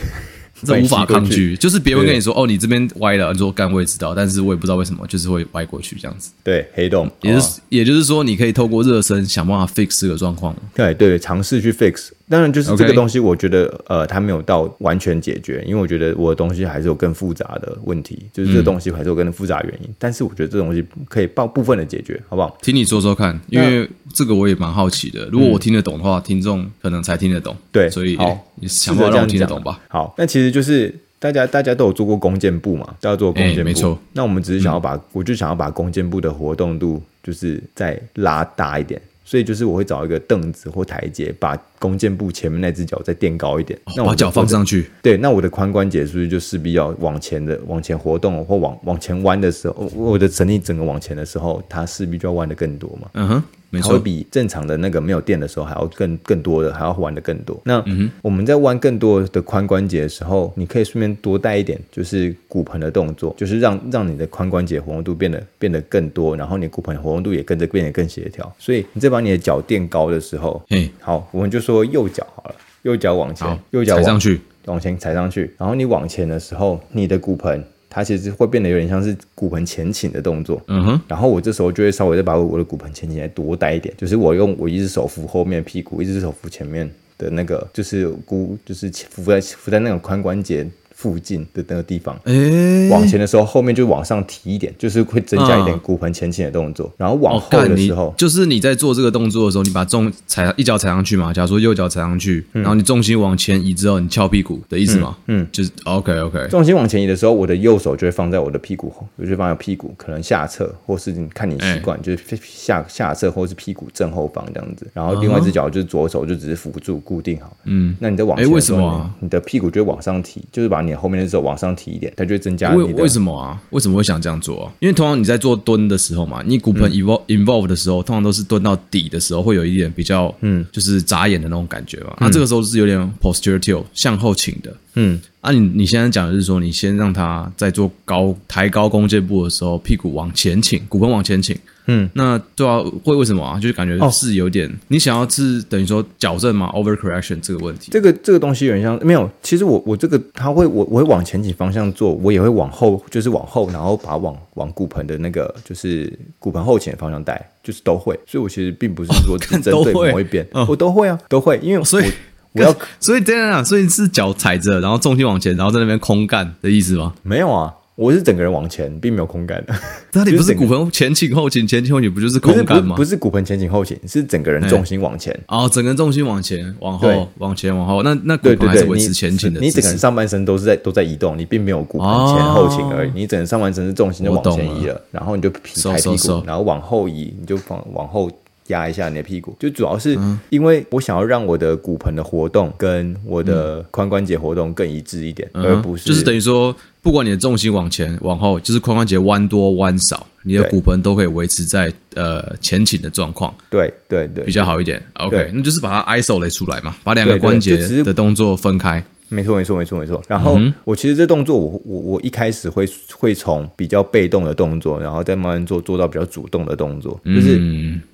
這無法抗拒，就是別人跟你說哦、喔，你這邊歪了，你說幹我也知道，但是我也不知道為什麼，就是會歪過去這樣子。對，黑洞，也是也就是說，你可以透過熱身想辦法 fix 這個狀況。對對，嘗試去 fix。當然，就是這個東西，我覺得、Okay. 呃，它沒有到完全解決，因為我覺得我的東西還是有更複雜的問題，就是這個東西還是有更複雜的原因、嗯。但是我覺得這東西可以幫部分的解決，好不好？聽你說說看，因為這個我也蠻好奇的。如果我聽得懂的話，嗯、聽眾可能才聽得懂。對，所以想你想讓我聽得懂吧。好，那其實就是大家大家都有做過弓箭步嘛，都要做弓箭步、欸。沒錯。那我們只是想要把，嗯、我就想要把弓箭步的活動度，就是再拉大一點。所以就是我會找一個凳子或台階把。弓箭步前面那隻腳再墊高一點，那、哦、把腳放上去，對，那我的髖關節是不是就勢必要往前的往前活動，或往往前彎的時候，我的整體整個往前的時候，它勢必就要彎的更多嘛。嗯哼，沒錯，會比正常的那個沒有墊的時候還要更更多的還要彎的更多。那嗯哼，我們在彎更多的髖關節的時候，你可以順便多帶一點，就是骨盆的動作，就是讓讓你的髖關節活動度變得變得更多，然後你骨盆活動度也跟着變得更協調。所以你再把你的腳墊高的時候，哎，好，我們就說。說右腳好了，右腳往前，右腳踩上去，往前踩上去。然後你往前的時候，你的骨盆它其實會變得有點像是骨盆前傾的動作。嗯哼。然後我這時候就會稍微再把我的骨盆前傾來多帶一點，就是我用我一只手扶後面屁股，一只手扶前面的那個，就是骨，就是扶在扶在那個髖關節。附近的那個地方，哎、欸，往前的時候，後面就往上提一點，就是會增加一點骨盆前傾的動作、啊。然後往後的時候、哦，就是你在做這個動作的時候，你把重踩一腳踩上去嘛。假如說右腳踩上去，然後你重心往前移之後，你翹屁股的意思嘛。嗯，就是、嗯、OK OK，重心往前移的時候，我的右手就會放在我的屁股後，就放在屁股可能下側，或是你看你習慣、嗯、就是下下側，或是屁股正後方這樣子。然後另外一只腳就是左手就只是輔助固定好。嗯，那你在往前的時候、欸、為什麼啊，你的屁股就會往上提，就是把你。你後面的時候往上提一點，它就會增加一點。為為什麼啊？為什麼會想這樣做啊？因為通常你在做蹲的時候嘛，你骨盆 evolve、嗯、involve 的時候，通常都是蹲到底的時候會有一點比較，嗯，就是眨眼的那種感覺嘛。那、嗯啊、這個時候是有點 posterior tilt 向後傾的，嗯。啊你，你你現在講的是說，你先讓它在做高抬高弓箭步的時候，屁股往前傾，骨盆往前傾。嗯，那對要、啊，會為什麼啊？就是感覺是有點、哦、你想要是等於說矯正嘛，overcorrection 這個問題。這個這個東西有點像沒有，其實我我這個它會，我我會往前傾方向做，我也會往後，就是往後，然後把往往骨盆的那個就是骨盆後傾的方向帶，就是都會。所以，我其實並不是說針對某一邊、哦、都會變、嗯，我都會啊，都會，因為所以我要所以這樣啊，所以，所以，所以你是腳踩着，然後重心往前，然後在那邊空幹的意思嗎？沒有啊。我是整個人往前，並沒有空感的。那你不是骨盆前傾後傾，前傾後傾不就是空感嗎空不？不是骨盆前傾後傾，是整個人重心往前。哦、hey. oh，整個人重心往前，往後，往前，往後。那那對對對，骨盆還是前傾的。你整個上半身都是在都在移動，你並沒有骨盆前後傾而已。Oh, 你整個上半身是重心就往前移了，了然後你就劈開屁股，so, so, so. 然後往後移，你就往往後。壓一下你的屁股，就主要是因為我想要讓我的骨盆的活動跟我的髖關節活動更一致一點，嗯、而不是就是等於說，不管你的重心往前往後，就是髖關節彎多彎少，你的骨盆都可以維持在呃前傾的狀況，對對對、對、對，比較好一點。OK，那就是把它 isolate 出來嘛，把兩個關節的動作分開。沒錯，沒錯，沒錯，沒錯。然後我其實這動作我，我我我一開始會會從比較被動的動作，然後再慢慢做做到比較主動的動作。就是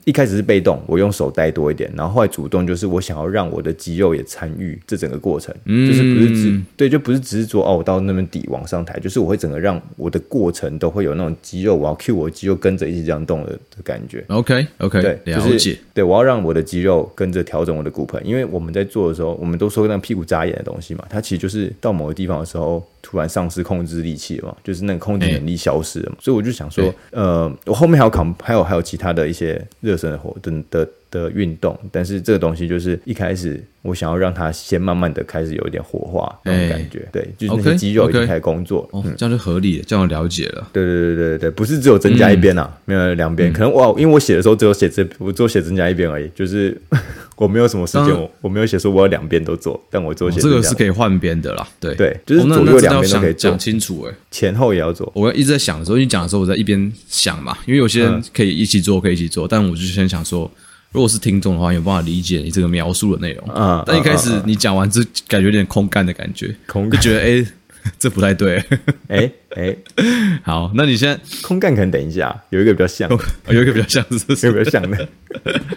一開始是被動，我用手帶多一點，然後後來主動，就是我想要讓我的肌肉也參與這整個過程。嗯，就是不是只對，就不是只是說哦，我到那麼底往上抬，就是我會整個讓我的過程都會有那種肌肉，我要 cue 我肌肉跟着一起這樣動的的感覺。OK OK，對，就是，對，我要讓我的肌肉跟着調整我的骨盆，因爲我們在做的時候，我們都說那屁股扎眼的東西嘛。他其實就是到某個地方的時候，突然喪失控制力氣了嘛，就是那個控制能力消失了嘛、嗯，所以我就想說，嗯、呃，我後面還有扛，還有還有其他的一些熱身的活動的。的運動，但是這個東西就是一開始我想要讓它先慢慢的開始有一點活化那種感覺、欸，對，就是那些肌肉已經開始工作，okay, okay. 嗯、這樣就合理了，這樣了解了。對對對對對，不是只有增加一邊啊、嗯，沒有兩邊、嗯，可能哇，因為我寫的時候只有寫這，我只有寫增加一邊而已，就是我沒有什麼時間，我沒有寫說我要兩邊都做，但我做後、哦、這個是可以換邊的啦，對對，就是左右兩邊都可以講、哦、清楚、欸，哎，前後也要做。我一直在想的時候，你講的時候，我在一邊想嘛，因為有些人可以一起做，嗯、可以一起做，但我就先想說。如果是聽眾的話，有辦法理解你這個描述的內容啊？Uh, 但一開始你講完，之，感覺有點空乾的感覺，uh, uh, uh, uh. 就覺得哎，欸、 <laughs> 這不太對、欸，誒 <laughs> 哎、欸，好，那你先空槓，可能等一下有一個比較像，有一個比較像是不是？有一個比較像的。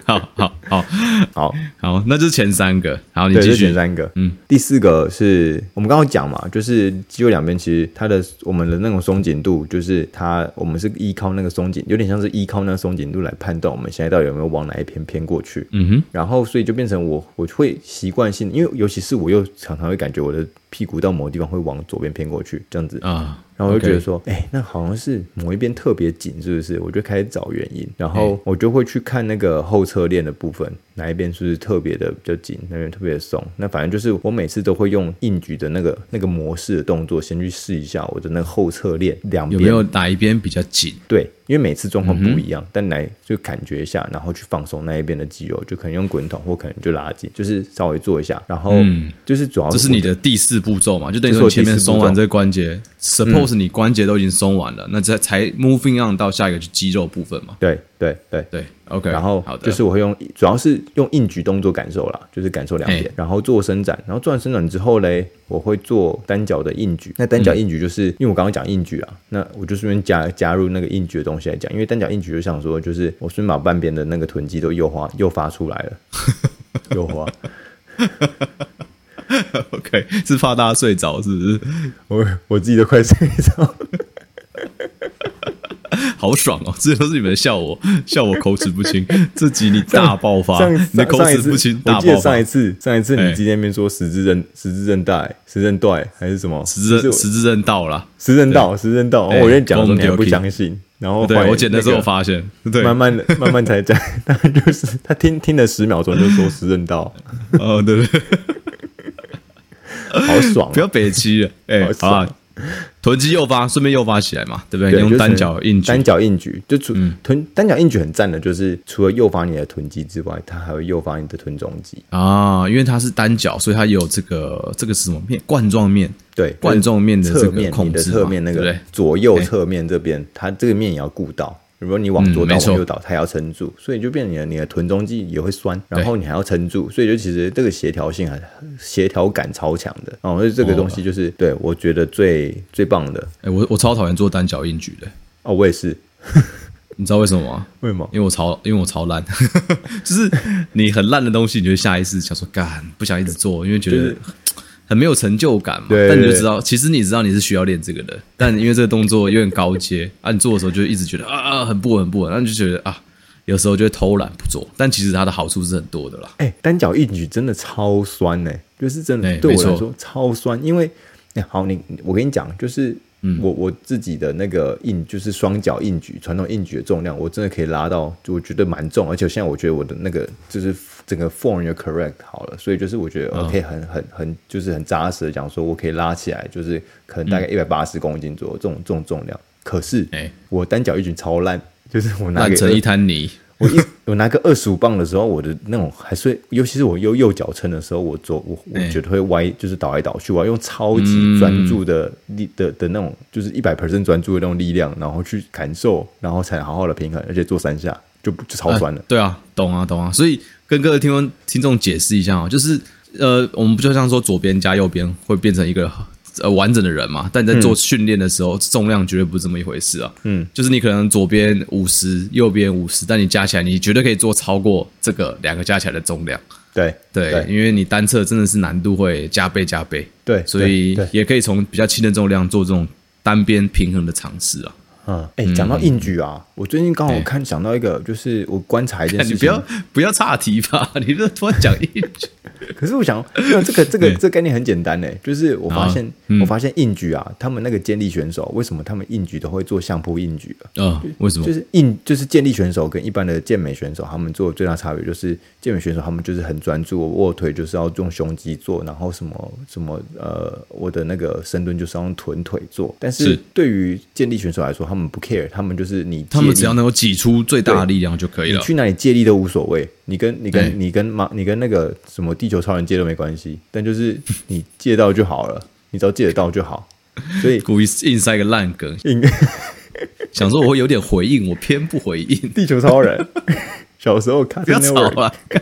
好好好好，好那就是前三個。好，你繼續選三個。嗯，第四個是我們剛剛講嘛，就是肌肉兩邊其實它的我們的那種鬆緊度，就是它我們是依靠那個鬆緊，有點像是依靠那個鬆緊度來判斷我們現在到底有沒有往哪一邊偏過去。嗯哼。然後所以就變成我我會習慣性，因為尤其是我又常常會感覺我的屁股到某個地方會往左邊偏過去，這樣子啊。哦然後，我就覺得說，哎、okay。欸，那好像是某一邊特別緊，是不是？我就開始找原因，然後我就會去看那個後側鏈的部分。Okay。欸哪一邊是不是特別的比較緊，那邊特別的鬆？那反正就是我每次都會用硬舉的那個那個模式的動作，先去試一下我的那個後側鏈兩邊有沒有哪一邊比較緊？對，因為每次狀況不一樣，嗯、但來就感覺一下，然後去放鬆那一邊的肌肉，就可能用滾筒或可能就拉筋，就是稍微做一下。然後就是主要、嗯、這是你的第四步驟嘛，就等於說前面鬆完這個關節，Suppose、就是嗯、你關節都已經鬆完了，那才才 Moving on 到下一個肌肉部分嘛？對對對對。對對 OK，然後就是我會用，主要是用硬舉動作感受啦，就是感受兩點，然後做伸展，然後做完伸展之後嘞，我會做單腳的硬舉。那單腳硬舉就是、嗯、因為我剛剛講硬舉啊，那我就順便加加入那個硬舉的東西來講，因為單腳硬舉就想說，就是我順便把半邊的那個臀肌都誘發誘發出來了， <laughs> 誘發花。 <laughs> OK，是怕大家睡着是不是？我我自己都快睡着。 <laughs> <laughs> 好爽哦、喔！之前都是你們笑我，笑我口齒不清。這集你大爆發，你的口齒不清大爆發。我記得上一次，上一次你今天沒說十字韌、欸、十字韌帶十字韌帶還是什麼十字十字韌道了？十字韌道，十字韌道，道。十字道哦欸、我跟你講，你也不相信。然後、那個，我剪的時候發現，對，慢慢的，慢慢才講。 <laughs> 他就是他聽聽了十秒鐘就說十字韌道。哦，對對，對， <laughs> 好爽、喔！不要北七，哎 <laughs> 爽、喔， <laughs> 好爽、喔。 <laughs> 臀肌誘發，順便誘發起來嘛，對不對？對，你用單腳硬舉，就是，單腳硬舉，就除臀，嗯、單腳硬舉很讚的，就是除了誘發你的臀肌之外，它還會誘發你的臀中肌啊，因為它是單腳，所以它有這個這個是什麼面？冠狀面，對，冠狀面的這個控制，你的側面那個面，對？左右側面這邊，它這個面也要顧到。Okay. 如果你往左倒往右倒，嗯、它要撐住，所以就變成你的，你的臀中肌也會酸，然後你還要撐住，所以就其實這個協調性啊，協調感超強的哦。所以這個東西就是，哦、對我覺得最最棒的。欸、我我超討厭做單腳硬舉的哦，我也是。 <laughs> 你知道為什麼嗎？為什麼？因為我超因為我超爛， <laughs> 就是你很爛的東西，你就下意識想說幹，不想一直做，因為覺得。就是很沒有成就感嘛，對對對。但你就知道，其實你知道你是需要練這個的，但因為這個動作有點高階 <laughs> 啊，你做的時候就一直覺得啊啊，很不穩，很不穩，然、啊、後就覺得啊，有時候就會偷懶不做。但其實它的好處是很多的啦。哎、欸，單腳硬舉真的超酸呢、欸，就是真的，欸、對我來說超酸。因為哎、欸，好，你我跟你講，就是我、嗯、我自己的那個硬，就是雙腳硬舉，傳統硬舉的重量，我真的可以拉到，就我覺得蠻重，而且現在我覺得我的那個就是。整個 form 就 correct 好了，所以就是我覺得 OK 很、哦、很很就是很扎實的講說，我可以拉起來，就是可能大概一百八十公斤左右這種這種重量。可是，我單腳一舉超爛，就是我拿個 2, 爛成一灘泥我一。我拿個二十五磅的時候， <laughs> 我的那種還是，尤其是我用右腳撐的時候，我左，我我覺得會歪，就是倒來倒去。我要用超級專注的力、嗯、的的那種，就是一百 percent 專注的那種力量，然後去感受，然後才好好的平衡，而且做三下就不就超酸了、啊。對啊，懂啊，懂啊，所以。跟各位聽眾聽眾解釋一下啊，就是呃，我們不就像說左邊加右邊會變成一個呃完整的人嘛？但你在做訓練的時候，嗯，重量絕對不是這麼一回事啊。嗯，就是你可能左邊五十，右邊五十，但你加起來，你絕對可以做超過這個兩個加起來的重量。對對，對，因為你單側真的是難度會加倍加倍。對，所以也可以從比較輕的重量做這種單邊平衡的嘗試啊。嗯，哎、欸，講到硬舉啊、嗯，我最近剛好看想、欸、到一個，就是我觀察一件事情，你不要不要岔題吧，你這突然講硬舉， <laughs> 可是我想、嗯、這個這個、欸、這個、概念很簡單哎、欸，就是我發現、嗯、我發現硬舉啊，他們那個健力選手為什麼他們硬舉都會做相撲硬舉啊、哦，為什麼？就是硬就是健力選手跟一般的健美選手，他們做的最大差別就是健美選手他們就是很專注臥推，就是要用胸肌做，然後什麼什麼呃，我的那個深蹲就是要用臀腿做，但是對於健力選手來說。他們不 care，他們就是你借力。他們只要能夠擠出最大的力量就可以了。你去哪裡借力都無所謂，你跟你跟、欸、你跟你跟那個什麼地球超人借都沒關係。但就是你借到就好了， <laughs> 你只要借得到就好。所以故意硬塞一個爛梗，In, <laughs> 想說我會有點回應，我偏不回應。地球超人 <laughs> 小時候看，不要吵啊！看。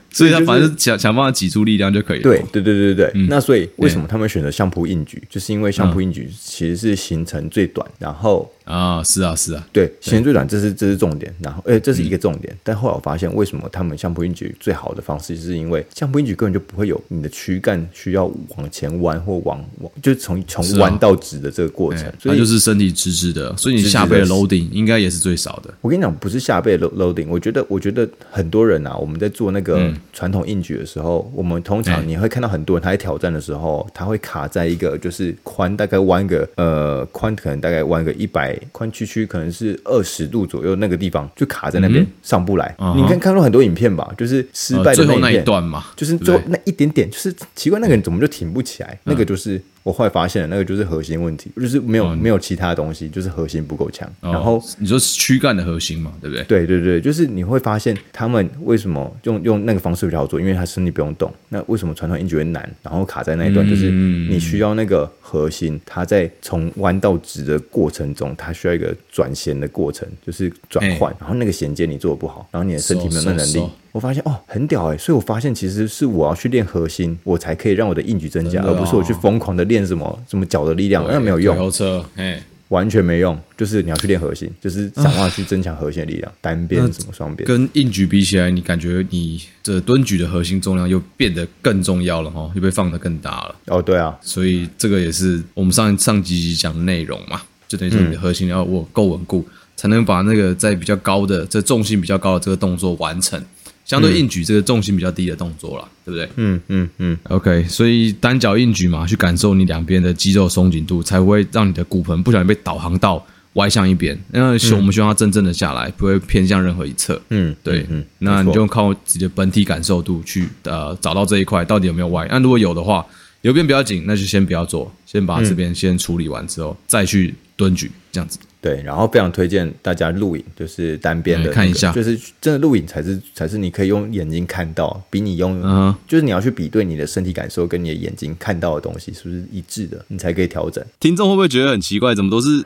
<laughs> 所以他反正想想辦法擠出力量就可以了。對對對對對、嗯。那所以為什麼他們選擇相撲硬舉、嗯，就是因為相撲硬舉其實是行程最短。然後啊，是啊是啊，對，行程最短這是這是重點。然後哎、欸，這是一個重點。嗯、但後來我發現，為什麼他們相撲硬舉最好的方式，是因為相撲硬舉根本就不會有你的軀幹需要往前彎或往往，就是從從彎到直的這個過程。啊欸、所以他就是身體直直的，所以你下背的 loading 應該也，也是最少的。我跟你講，不是下背 load loading，我覺得我覺得很多人啊，我們在做那個。嗯傳統硬舉的時候，我們通常你會看到很多人他在挑戰的時候，欸、他會卡在一個就是髖大概彎個呃髖可能大概彎個一百，髖屈曲可能是二十度左右，那個地方就卡在那邊上不來、嗯。你看看過很多影片吧，嗯、就是失敗的最後那一段嘛，就是最後那一點點，就是奇怪那個人怎麼就挺不起來、嗯，那個就是。我後來發現的那個就是核心問題，就是沒有、嗯、沒有其他的東西，就是核心不夠強。然後、哦、你說軀幹的核心嘛，對不對？對對對，就是你會發現他們為什麼用用那個方式比較好做，因為他身體不用動。那為什麼傳統硬舉難，然後卡在那一段，就是你需要那個核心，他在從彎到直的過程中，他需要一個轉弦的過程，就是轉換、欸。然後那個銜接你做的不好，然後你的身體沒有那能、能力。說說說我發現哦，很屌哎、欸，所以我發現其實是我要去練核心，我才可以讓我的硬舉增加，哦、而不是我去瘋狂的練什麼什麼腳的力量，那沒有用車，完全沒用，就是你要去練核心，就是想辦法去增強核心的力量、啊，單邊什麼雙邊，跟硬舉比起來，你感覺你這蹲舉的核心重量又變得更重要了哈，又被放得更大了哦，對啊，所以這個也是我們上上幾集、集講的內容嘛，就等於說你的核心要我夠穩固、嗯，才能把那個在比較高的在重心比較高的這個動作完成。相對硬舉這個重心比較低的動作了，對不對？嗯嗯嗯。OK，所以單腳硬舉嘛，去感受你兩邊的肌肉鬆緊度，才不會讓你的骨盆不小心被導航到歪向一邊。那我們希望它正正的下來、嗯，不會偏向任何一側。嗯，對。嗯嗯、那你就靠自己的本體感受度去、嗯、呃找到這一塊到底有沒有歪。那如果有的話，有邊比較緊，那就先不要做，先把這邊先處理完之後、嗯、再去蹲舉，這樣子。對，然後非常推薦大家錄影，就是單邊的、那個、看一下，就是真的錄影才是才是你可以用眼睛看到，比你用、嗯，就是你要去比對你的身體感受跟你的眼睛看到的東西是不是一致的，你才可以調整。聽眾會不會覺得很奇怪，怎麼都是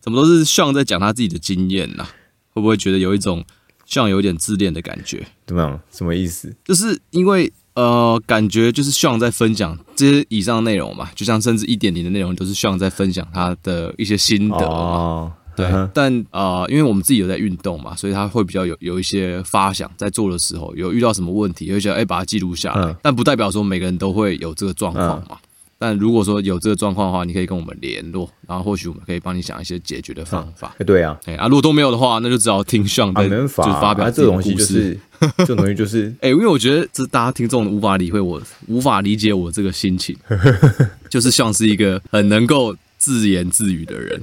怎麼都是像在講他自己的經驗吶、啊，會不會覺得有一種像有點自戀的感覺？怎麼樣？什麼意思？就是因為。呃，感覺就是 Sean 在分享這些以上內容嘛，就像甚至一點零的內容都是 Sean 在分享他的一些心得。哦，對。嗯、但啊、呃，因為我們自己有在運動嘛，所以他會比較有有一些發想，在做的時候有遇到什麼問題，會想哎把它記錄下來、嗯。但不代表說每個人都會有這個狀況嘛。嗯但如果說有這個狀況的話，你可以跟我們聯絡，然後或許我們可以幫你想一些解決的方法。哎、啊，對啊、欸，啊，如果都沒有的話，那就只好聽相聲，就發表這個東西，就是就、啊、東西就是哎、 <laughs> 就是欸，因為我覺得這大家聽眾無法理會我，無法理解我這個心情， <laughs> 就是像是一個很能夠自言自語的人，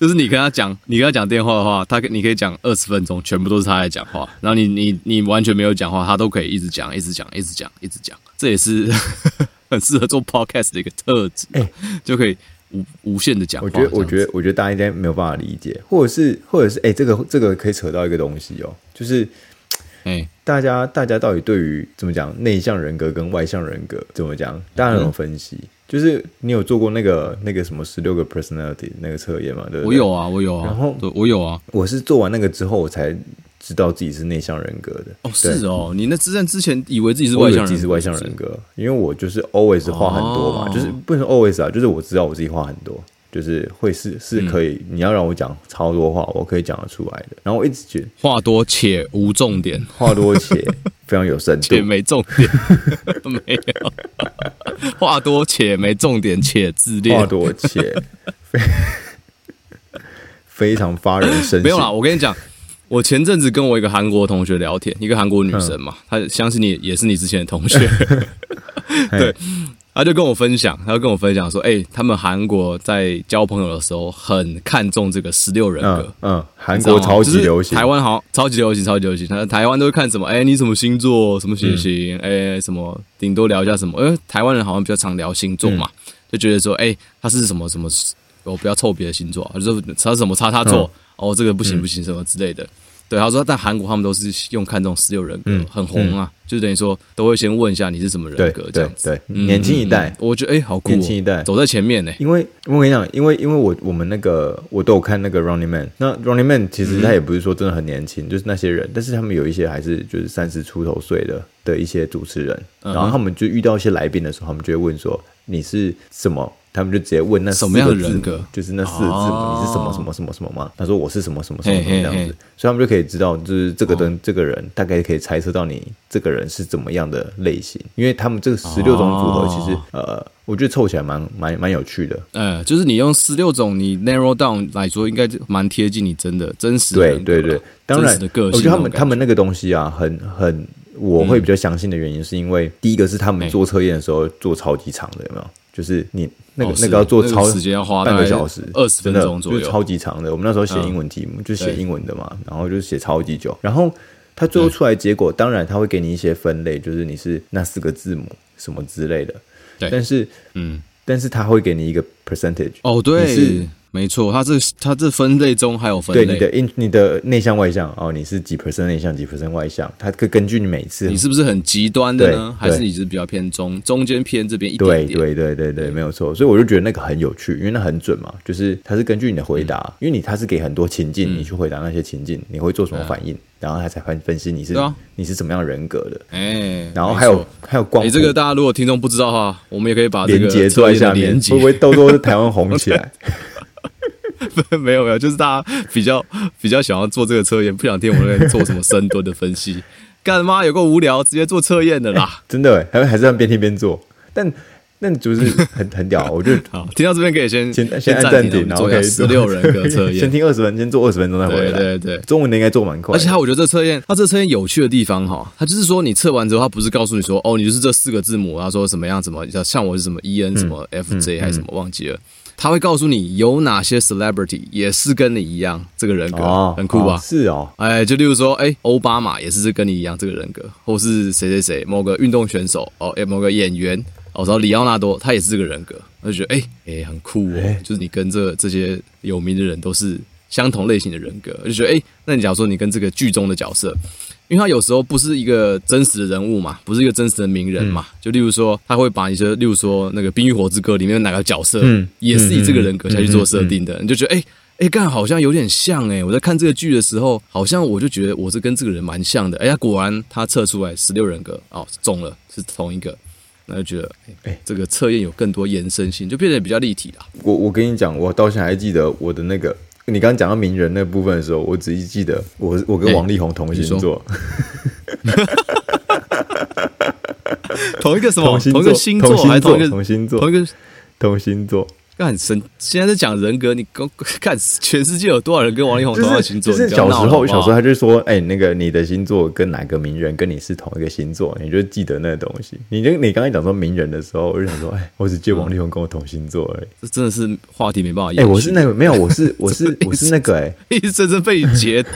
就是你跟他講，你跟他講電話的話，他可你可以講二十分鐘，全部都是他在講話，然後你你你完全沒有講話，他都可以一直講，一直講，一直講，一直講，這也是。 <laughs> 很適合做 podcast 的一個特質、啊，哎、欸，就可以無無限的講。我覺得，我覺得，我覺得大家應該沒有辦法理解，或者是，或者是，哎、欸，這個這個可以扯到一個東西哦，就是，哎，大家、欸、大家到底對於怎麼講內向人格跟外向人格怎麼講？大家有，有分析、嗯？就是你有做過那個那個什麼十六個 personality 那個測驗嗎？對不對？我有啊，我有啊，然後我有啊，我是做完那個之後我才。知道自己是內向人格的哦，是哦，你那之戰之前以為自己是外向人是外向人格。因為我就是 always 話、哦、很多嘛，就是不是 always 啊，就是我知道我自己話很多，就是會是是可以，嗯、你要讓我講超多話，我可以講得出來的。然後我一直覺得話多且無重點，話多且非常有深度，且沒重點，沒有話多且沒重點，且自戀，話多且非常非常發人深省。沒有啦，我跟你講。 <laughs> 我前陣子跟我一個韓國同學聊天，一個韓國女生嘛，嗯、她相信你也是你之前的同學，嗯、 <laughs> 對，她就跟我分享，她就跟我分享說，哎、欸，他們韓國在交朋友的時候很看重這個十六人格，嗯，嗯，韓國超級，超，級超級流行，台灣好超級流行，超級流行。他說台灣都會看什麼？哎、欸，你什麼星座，什麼血型？哎、嗯欸，什麼頂多聊一下什麼？因為台灣人好像比較常聊星座嘛，嗯、就覺得說，哎、欸，他是什麼什麼，我不要湊別的星座，他說他什麼叉叉座。嗯嗯哦，這個不行不行，什麼之類的。嗯、對，他說，在韓國他們都是用看這種十六人格，嗯、很紅啊，嗯、就等於說都會先問一下你是什麼人格這樣子。對對對，年輕一代嗯嗯嗯，我覺得哎、欸，好酷，哦！年輕一代走在前面呢，因為我跟你講，因為因為我我們那個我都有看那個 Running Man，那 Running Man 其實他也不是說真的很年輕，嗯，就是那些人，但是他們有一些還是就是三十出頭歲的的一些主持人，嗯，然後他們就遇到一些來賓的時候，他們就會問說你是什麼？他們就直接問那什麼樣的人格，就是那四個字母、哦，你是什麼什麼什麼什麼嗎？他說我是什麼什麼什麼，什麼這樣子嘿嘿嘿，所以他們就可以知道，就是這個人，哦、這個人大概可以猜測到你這個人是怎麼樣的類型，因為他們這個十六種組合其實、哦、呃，我覺得湊起來蠻蠻蠻有趣的。呃，就是你用十六種你 narrow down 來說，應該蠻貼近你真的真實的。對對對，當然的個性。我覺得他們他們那個東西啊，很很我會比較相信的原因，是因為、嗯、第一個是他們做測驗的時候做超級長的，有沒有？就是你那個那個要做，超時間要花半個小時，二十分鐘左右，超級長的。我們那時候寫英文題目，就寫英文的嘛，然後就寫超級久。然後他做出來結果，當然他會給你一些分類，就是你是那四個字母什麼之類的。對，但是嗯，但是他會給你一個 percentage 哦，對沒錯，它這它這分類中還有分類，對你的內你的內向外向哦，你是幾 percent 內向幾 percent 外向，它可根據你每次你是不是很極端的呢？還是你是比較偏中中間偏這邊一點點？對對對對，對，對沒有錯。所以我就覺得那個很有趣，因為那很準嘛，就是它是根據你的回答，嗯、因為你它是給很多情境、嗯，你去回答那些情境，你會做什麼反應，哎啊、然後它才分分析你是、啊、你是怎麼樣人格的。哎、然後還有還有光，你、哎、這個大家如果聽眾不知道的話，我們也可以把這個連結做一下，連結會不會都、都、都台灣紅起來？ <laughs> 對 <laughs> <laughs> 沒有沒有，就是大家比較比較想要做這個測驗，不想聽我們在做什麼深蹲的分析。幹 <laughs> 嗎有夠無聊，直接做測驗的啦、欸？真的哎，還還是讓邊聽邊做。但那就是很很屌，我覺得。聽到這邊可以先先先按暫停，停，然後可以做十六人格測驗，先聽二十分鐘，先做二十分鐘再回來。對對對，中文應該的應該做蠻快。而且他我覺得這測驗，他這個測驗有趣的地方哈，他就是說你測完之後，他不是告訴你說哦，你就是這四個字母，然後說什麼樣什麼，像我是什麼 E N 什麼 F J、嗯嗯、還是什麼忘記了。嗯他會告訴你有哪些 celebrity 也是跟你一樣這個人格，哦、很酷吧、哦？是哦，哎，就例如說，哎，歐巴馬也是跟你一樣這個人格，或是誰誰誰某個運動選手，哦、哎，某個演員，哦，然後李奧納多他也是這個人格，他就覺得，哎，哎，很酷哦，哎、就是你跟這這些有名的人都是相同類型的人格，就覺得，哎，那你假如說你跟這個劇中的角色。因為他有時候不是一個真實的人物嘛，不是一個真實的名人嘛，嗯，就例如說他會把一些，例如說那個《冰與火之歌》裡面哪個角色，嗯，也是以這個人格下去做設定的，你就覺得哎哎，剛好像有點像哎，欸，我在看這個劇的時候，好像我就覺得我是跟這個人蠻像的，哎呀，果然他測出來十六人格哦，喔，中了，是同一個，那就覺得哎這個測驗有更多延伸性，就變得比較立體了，欸。我我跟你講，我到現在還記得我的那個。你剛剛講到名人那部分的時候，我只記得我我跟王力宏同星座，欸、 <laughs> 同一個什麼同同一個星座還是同一個星座？同星座同一個同星座。那很神，現在在講人格，你跟看全世界有多少人跟王力宏同樣的星座？就是就是、小時候好好，小時候他就說：“哎、欸，那個你的星座跟哪個名人跟你是同一個星座？”你就記得那個東西。你就你剛才講說名人的時候，我就想說：“哎、欸，我只記王力宏跟我同星座而已。嗯”哎，這真的是話題沒辦法。哎、欸，我是那個沒有，我是我是， <laughs> 我，是 <laughs> 我是那個哎、欸，一直被你截斷。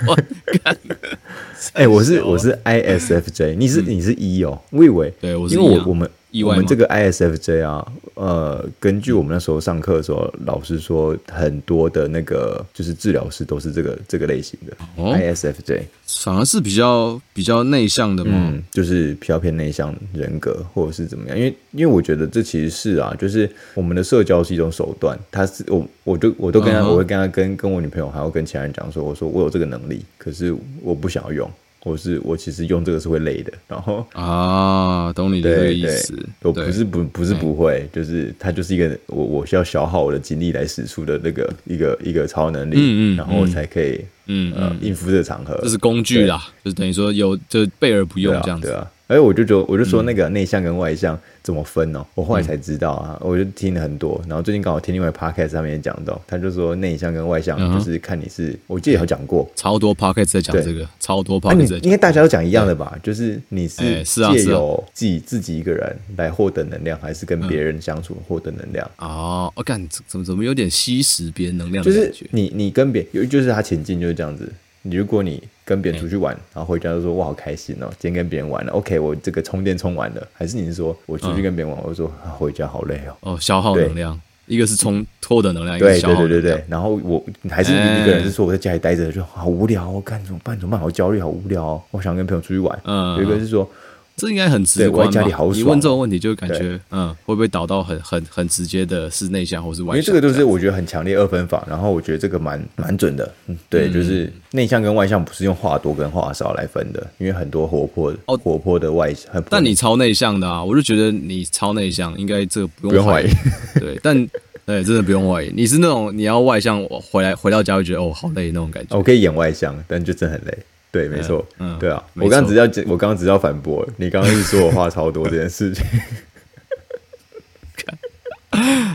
哎、 <laughs> 啊欸，我是我是 ISFJ，你是、嗯、你是一、e、哦，我以為對，我是、e 啊，因為我我們。意外我們這個 ISFJ 啊，呃，根據我們那時候上課的時候，老師說很多的那個就是治療師都是這個這個類型的、哦、ISFJ，反而是比較比較內向的嘛、嗯，就是比較偏內向人格或者是怎麼樣。因為因為我覺得這其實是啊，就是我們的社交是一種手段。他是我，我就我都跟他、哦，我會跟他跟跟我女朋友，還要跟其他人講說，我說我有這個能力，可是我不想要用。我是我其實用這個是會累的，然後啊，懂你的意思，我不是不不是不會，就是它就是一個我我需要消耗我的精力來使出的那個一個一個超能力，嗯嗯，然後我才可以嗯嗯、呃、應付這個場合，這是工具啦，就是等於說有就備而不用這樣子。對啊，對啊。哎，我就覺得，我就說那個內向跟外向怎麼分哦、喔嗯？我後來才知道啊、嗯，我就聽了很多。然後最近剛好聽另外一個 podcast 上面也講到，他就說內向跟外向就是看你是，嗯、我記得有講過，超多 podcast 在講這個，超多 podcast 在講這個啊、應該大家都講一樣的吧？就是你是藉由自己自己一個人來獲得能量，欸是啊是啊、還是跟別人相處獲得能量？嗯、哦，我感怎麼怎麼有點吸食別人能量的感覺？就是你你跟別人，就是他前進就是這樣子。你如果你跟別人出去玩，然後回家就說：“我好開心哦！今天跟別人玩了。”OK，我這個充電充完了。還是你是說我出去跟別人玩，嗯，我就說回家好累哦。哦，消耗能量，一個是充脫、嗯、的能量，一個是消耗能量，對對對對對。然後我還是一個人是說我在家裡待着，欸、就好無聊，哦，我幹什麼辦怎麼辦？好焦慮，好無聊哦，我想跟朋友出去玩。嗯，嗯，有一個人是說。這應該很直觀吧？你問這種問題，就會感覺嗯，會不會導到很很很直接的是內向，或是外向？因為這個就是我覺得很強烈二分法。然後我覺得這個蠻蠻準的。嗯、對、嗯，就是內向跟外向不是用話多跟話少來分的，因為很多活潑的哦，活潑的外向。但你超內向的啊！我就覺得你超內向，應該這個不用懷疑。懷疑對，但對真的不用懷疑， <laughs> 你是那種你要外向回來回到家會覺得哦好累那種感覺、哦。我可以演外向，但就真的很累。對，沒錯，嗯，嗯，對啊，我剛剛只要，我剛只要反駁你剛剛是說我話超多 <laughs> 這件事情。 <laughs>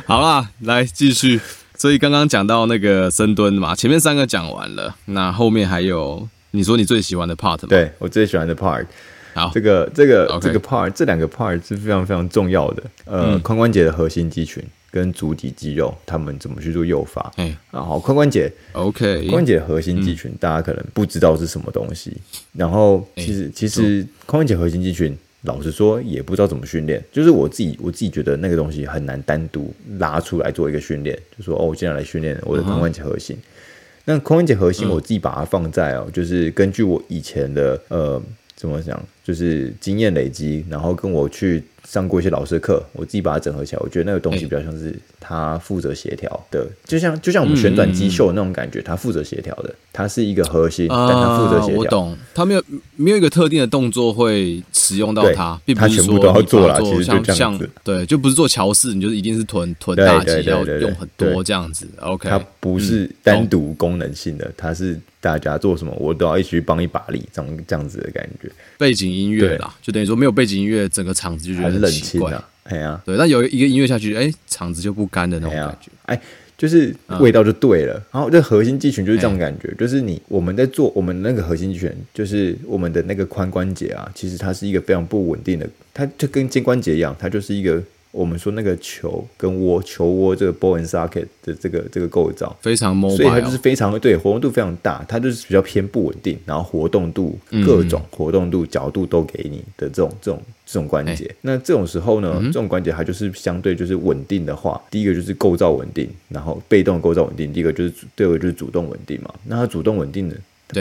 好啦，來繼續。所以剛剛講到那個深蹲嘛，前面三個講完了，那後面還有你說你最喜歡的 part 嗎？對，我最喜歡的 part。好，這個這個，okay. 這個 part，這兩個 part 是非常非常重要的，呃，嗯，髖關節的核心肌群。跟足底肌肉，他們怎麼去做誘發？然後髖關節，OK，髖、yeah. 關節核心肌群、嗯，大家可能不知道是什麼東西。嗯、然後其實、欸、其實髖關節核心肌群，嗯、老實說也不知道怎麼訓練。就是我自己我自己覺得那個東西很難單獨拉出來做一個訓練。就說哦，我現在來訓練我的髖關節核心。嗯、那髖關節核心，我自己把它放在哦，嗯、就是根據我以前的呃怎麼講，就是經驗累積，然後跟我去，上過一些老師課，我自己把它整合起來。我覺得那個東西比較像是他負責協調的、欸對，就像就像我們旋轉機秀的那種感覺，他、嗯、負責協調的，他是一個核心，啊、但他負責協調。我懂，他沒有沒有一個特定的動作會使用到他，並不是全部都要做啦，其實就這樣子像，像對，就不是做橋式，你就是一定是臀臀大肌要用很多這樣，對對對對對對對這樣子。OK，它不是單獨功能性的、嗯，它是大家做什麼我都要一起去幫一把力，這樣這樣子的感覺。背景音樂啦對，就等於說沒有背景音樂，整個場子就覺得。很冷清的、啊，哎呀、啊，對，那有一個音樂下去，哎、欸，場子就不乾的那種感覺，哎、啊欸，就是味道就對了、嗯。然後這核心肌群就是這種感覺，啊、就是你我們在做我們那個核心肌群，就是我們的那個髖關節啊，其實它是一個非常不穩定的，它就跟肩關節一樣，它就是一個。我們說那個球跟窩球窩這個 ball and socket 的這個這個構造非常，mobile，所以它就是非常對活動度非常大，它就是比較偏不穩定，然後活動度各種、嗯、活動度角度都給你的這種這種這種關節、欸。那這種時候呢，嗯、這種關節它就是相對就是穩定的話，第一個就是構造穩定，然後被動構造穩定第一、就是，第二個就是對個就是主動穩定嘛。那它主動穩定的。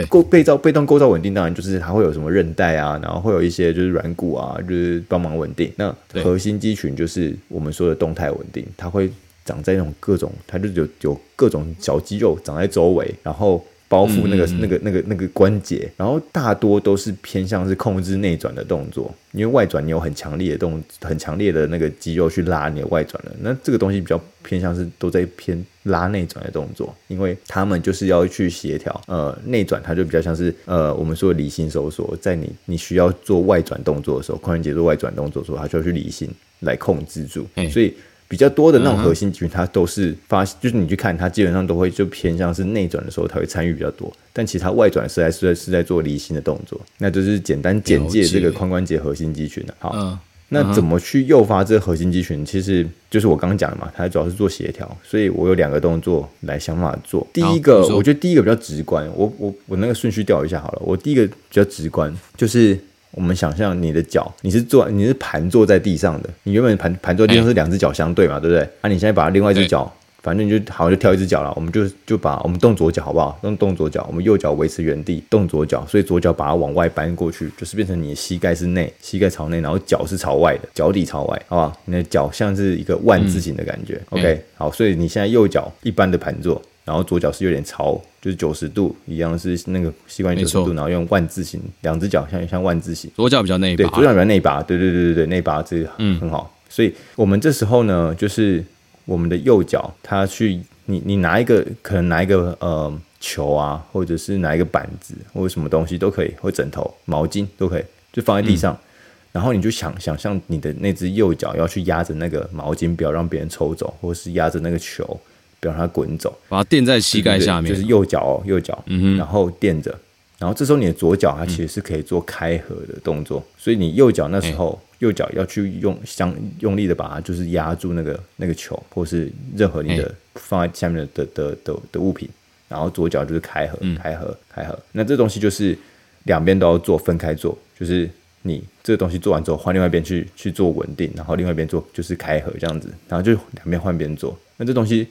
構被造被動構造穩定，當然就是它會有什麼韌帶啊，然後會有一些就是軟骨啊，就是幫忙穩定。那核心肌群就是我們說的動態穩定，它會長在那種各種，它就有有各種小肌肉長在周圍，然後。包覆那個、那個、那個、那個關節，然後大多都是偏向是控制內轉的動作，因為外轉你有很強烈的動、很強烈的那個肌肉去拉你的外轉了，那這個東西比較偏向是都在偏拉內轉的動作，因為他們就是要去協調，呃，內轉它就比較像是呃，我們說離心收縮，在你你需要做外轉動作的時候，髖關節做外轉動作的時候，它就要去離心來控制住，所以。比較多的那種核心肌群，它都是發，uh -huh. 就是你去看，它基本上都會就偏向是內轉的時候，它會參與比較多。但其實它外轉是在是在是在做離心的動作。那就是簡單簡介這個髖關節核心肌群的。Uh -huh. 好，那怎麼去誘發這個核心肌群？其實就是我剛剛講的嘛，它主要是做協調。所以我有兩個動作來想法做。第一個，uh -huh. 我覺得第一個比較直觀。我我我那個順序調一下好了。我第一個比較直觀就是。我們想象你的腳，你是坐，你是盤坐在地上的。你原本盤盤坐在地上是兩隻腳相對嘛、欸，對不對？啊，你現在把另外一隻腳、欸，反正你就好像就跳一隻腳了。我們就就把我們動左腳，好不好？動動左腳，我們右腳維持原地，動左腳，所以左腳把它往外搬過去，就是變成你的膝蓋是內，膝蓋朝內，然後腳是朝外的，腳底朝外，好不好？你的腳像是一個萬字形的感覺、嗯。OK，好，所以你現在右腳一般的盤坐。然後左腳是有點朝，就是九十度一樣，是那個膝關節九十度，然後用萬字形，兩只腳像像萬字形。左腳比較內八，對，左腳比較內八，對對對對對，內八字很好、嗯。所以我們這時候呢，就是我們的右腳，它去你你拿一個，可能拿一個呃球啊，或者是拿一個板子或者什麼東西都可以，或者枕頭、毛巾都可以，就放在地上，嗯、然後你就想想象你的那只右腳要去壓着那個毛巾，不要讓別人抽走，或者是壓着那個球。不要讓它滾走，把它墊在膝蓋下面，對對對，就是右腳、哦，右腳、嗯，然後墊着，然後這時候你的左腳它其實是可以做開合的動作，嗯、所以你右腳那時候、欸、右腳要去用相用力的把它就是壓住那個那個球，或是任何你的、欸、放在下面的的的的、的物品，然後左腳就是開合、嗯，開合，開合，那這東西就是兩邊都要做，分開做，就是你這個東西做完之後換另外一邊去去做穩定，然後另外一邊做就是開合這樣子，然後就兩邊換邊做，那這東西。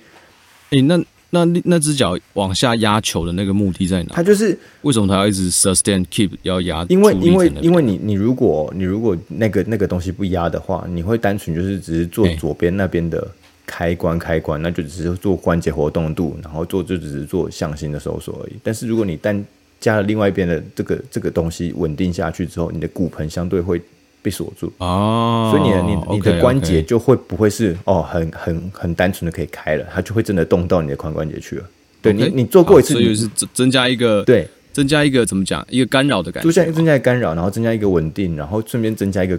你、欸、那那那那隻腳往下壓球的那個目的在哪？它就是為什麼它要一直 sustain keep 要壓？因為因為因為你你如果你如果那個那個東西不壓的話，你會單純就是只是做左邊那邊的開關開關，那就只是做關節活動度，然後做就只是做向心的收縮而已。但是如果你單加了另外一邊的這個這個東西穩定下去之後，你的骨盆相對會。被鎖住哦。所以你的你你的關節就會不會是 okay, okay, 哦很很很單純的可以開了，它就會真的動到你的髖關節去了。Okay, 對，你你做過一次，所以是增加增加一個對增加一個怎麼講一個干擾的感覺，就像增加干擾，然後增加一個穩定，然後順便增加一個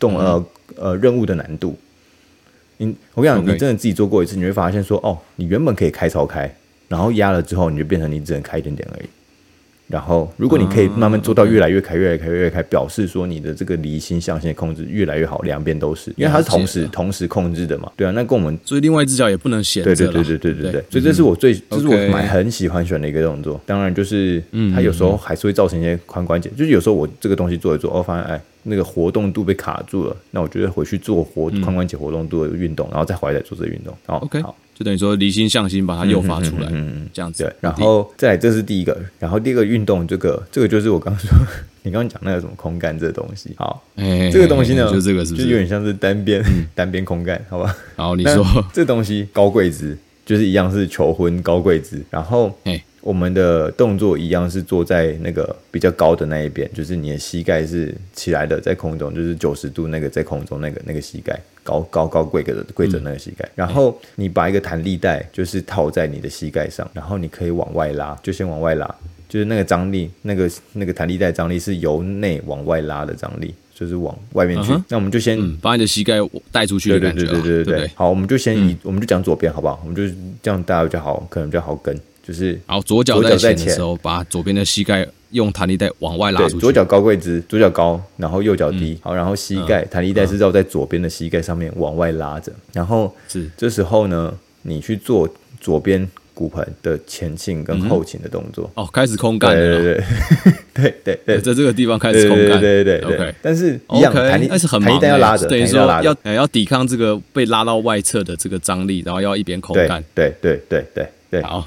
動、嗯、呃呃任務的難度。你我跟你講，okay, 你真的自己做過一次，你會發現說哦，你原本可以開超開，然後壓了之後，你就變成你只能開一點點而已。然後，如果你可以慢慢做到越來越開、越來越開、越來越開，表示說你的這個離心向心的控制越來越好，兩邊都是，因為它是同時同時控制的嘛。對啊，那跟我們所以另外一只腳也不能閒着。對對對對對對對，對、嗯。所以這是我最，這、就是我蠻很喜歡選的一個動作。當然就是，嗯，它有時候還是會造成一些髖關節、嗯，就是有時候我這個東西做一做，哦，發現哎，那個活動度被卡住了，那我覺得回去做活髖關節活動度的運動、嗯，然後再回來做這個運動。好、哦、，OK。就等於說離心向心把它誘發出來，嗯嗯嗯嗯嗯，這樣子。對，然後再來這是第一個，然後第二個運動，這個這個就是我剛剛說 <laughs> 你剛剛講那個什麼空槓這個東西。好嘿嘿嘿，這個東西呢，嗯、就這個是不是、就是、有點像是單邊、嗯、單邊空槓好吧。然後你說這東西高跪姿就是一樣是求婚高跪姿，然後我們的動作一樣是坐在那個比較高的那一邊，就是你的膝蓋是起來的，在空中就是九十度那個在空中那個那個膝蓋。高高高跪着跪着那個膝蓋、嗯，然後你把一個彈力帶就是套在你的膝蓋上、嗯，然後你可以往外拉，就先往外拉，就是那個張力，那個那個彈力帶張力是由內往外拉的張力，就是往外面去。嗯、那我們就先、嗯、把你的膝蓋帶出去、啊，對對對對對對，對對對。好，我們就先以、嗯、我們就講左邊好不好？我們就是這樣大家比較好，可能比較好跟。就是，然後左腳在前的時候，左把左邊的膝蓋用彈力帶往外拉出。對，左腳高跪姿，左腳高，然後右腳低、嗯。好，然後膝蓋彈、嗯、力帶是繞在左邊的膝蓋上面往外拉着、嗯。然後是這時候呢，你去做左邊骨盆的前傾跟後傾的動作嗯。嗯。哦，開始空桿對對對對對對，對對對對對，在這個地方開始空桿。對對對 OK，但是一樣，彈、okay, 力帶是很，力帶要拉着，等於、就是、說要要，要抵抗這個被拉到外側的這個張力，然後要一邊空桿。對對對對對，對。好。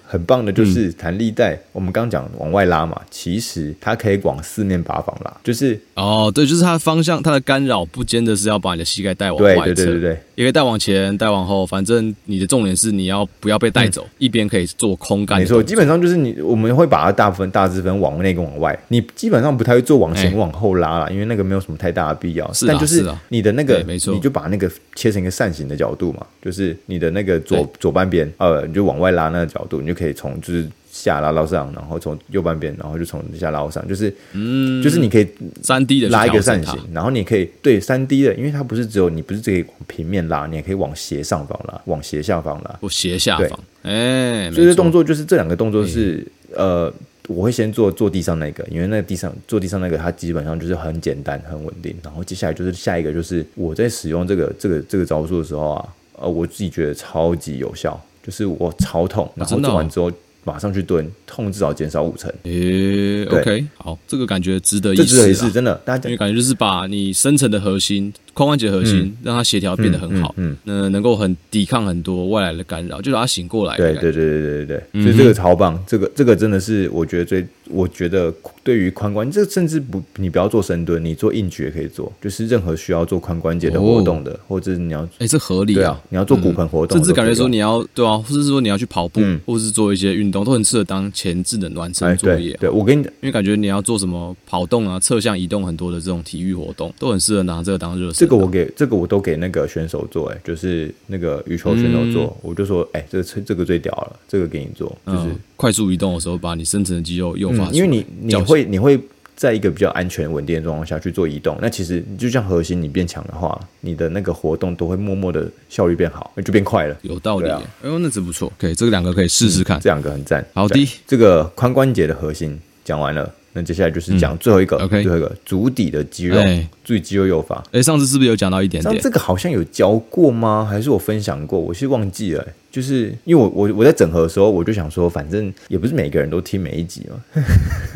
很棒的，就是彈力、嗯、帶，我們剛剛講往外拉嘛，其實它可以往四面八方拉，就是哦，對，就是它的方向，它的干擾不見得是要把你的膝蓋帶往外，對對對對，對，也可以帶往前，帶往後，反正你的重點是你要不要被帶走，嗯、一邊可以做空桿，沒錯，基本上就是你，我們會把它大部分大致分往內跟往外，你基本上不太會做往前往後拉了、哎，因為那個沒有什麼太大的必要，是但就是你的那個的、那個哎、沒錯，你就把那個切成一個扇形的角度嘛，就是你的那個左左半邊，呃，你就往外拉那個角度，你就。可以從就是下拉到上，然後從右半邊，然後就從下拉到上，就是嗯，就是你可以三 D 的拉一個扇形，然後你可以對三 D 的、嗯，因為它不是只有你不是只可以平面拉，你也可以往斜上方拉，往斜下方拉，往斜下方，哎、欸，所以這動作就是這兩個動作是呃，我會先做坐地上那個，因為那個地上坐地上那個，它基本上就是很簡單，很穩定。然後接下來就是下一個，就是我在使用這個這個這個招數的時候啊，呃，我自己覺得超級有效。就是我超痛，然後做完之後馬上去蹲，啊哦、痛至少減少五成。誒、欸、OK，好，這個感覺值得一試，這值得一試，真的，大家因為感覺就是把你深層的核心、髖關節核心，嗯、讓它協調變得很好，嗯，那、嗯嗯、能夠很抵抗很多外來的干擾，就是它醒過來，對對對對對對對，所以這個超棒，嗯、這個這個真的是我覺得最。我覺得對於髖關節，這甚至不，你不要做深蹲，你做硬舉也可以做，就是任何需要做髖關節的活動的，哦、或者你要，誒、欸、這合理啊，對啊！你要做骨盆活動、嗯，甚至感覺說你要對啊，或者是說你要去跑步，嗯、或者是做一些運動，都很適合當前置的暖身作業、啊哎對。對，我跟你講，因為感覺你要做什麼跑動啊、側向移動很多的這種體育活動，都很適合拿這個當熱身、啊。這個我給，這個我都給那個選手做、欸，哎，就是那個羽球選手做，嗯、我就說，誒、欸、這個最這個最屌了，這個給你做，就是。嗯快速移動的時候，把你深層的肌肉誘發，嗯，因為你你會你會在一個比較安全穩定的狀況下去做移動。那其實就像核心，你變強的話，你的那個活動都會默默的效率變好，就變快了。有道理啊，哎呦，那真不錯。可以，這兩個可以試試看，嗯，這兩個很讚。好的，這個髖關節的核心講完了。那接下來就是講最後一個、嗯、，OK，最後一個足底的肌肉，注、欸、意肌肉誘發、欸。上次是不是有講到一點,點？上這個好像有教過嗎？還是我分享過？我是忘記了、欸。就是因為我我我在整合的時候，我就想說，反正也不是每個人都聽每一集嘛。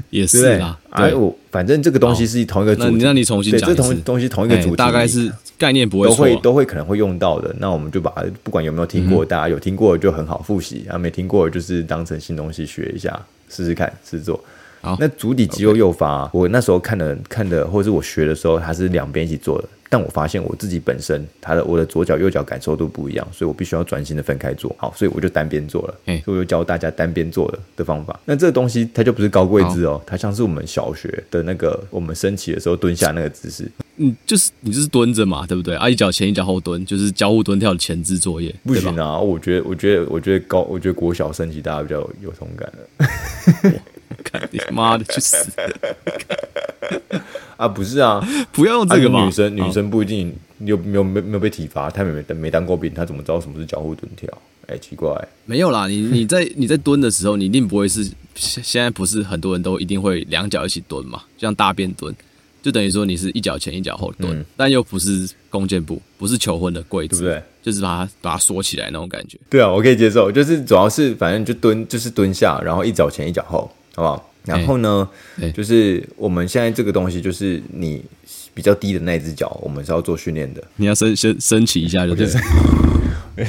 也是啊、哎，我反正這個東西是同一個主題，哦、那,你那你重新講這個、同東西同一個主題、欸，大概是概念不會都會都會可能會用到的。那我們就把不管有沒有聽過，嗯、大家有聽過的就很好複習、嗯、啊，沒聽過的就是當成新東西學一下，試試看試做。好，那足底肌肉誘發、啊，okay. 我那時候看的看的，或者是我學的時候，它是兩邊一起做的。但我發現我自己本身，它的我的左腳右腳感受都不一樣，所以我必須要專心的分開做。好，所以我就單邊做了。所以我就教大家單邊做的的方法。Okay. 那這個東西它就不是高跪姿哦，它像是我們小學的那個我們升旗的時候蹲下那個姿勢。嗯，就是你就是蹲着嘛，對不對？啊，一腳前一腳後蹲，就是交互蹲跳前置作業。不行啊，我覺得，我覺得，我覺得高，我覺得國小升旗大家比較有同感的。 <laughs> 你媽的，去死！啊，不是啊，不要用這個嘛。啊、女生，女生不一定有，又沒有，沒，沒有被體罰。她沒沒沒當過兵，她怎麼知道什麼是交互蹲跳？哎、欸，奇怪、欸，沒有啦。你你在你在蹲的時候，你一定不會是現在不是很多人都一定會兩腳一起蹲嘛，像大便蹲，就等於說你是一腳前一腳後蹲、嗯，但又不是弓箭步，不是求婚的跪姿，對不對？就是把它把它縮起來那種感覺。對啊，我可以接受，就是主要是反正就蹲，就是蹲下，然後一腳前一腳後。好不好？然後呢、欸，就是我們現在這個東西，就是你比較低的那只腳，我們是要做訓練的。你要升升升起一下，就是 okay. Okay.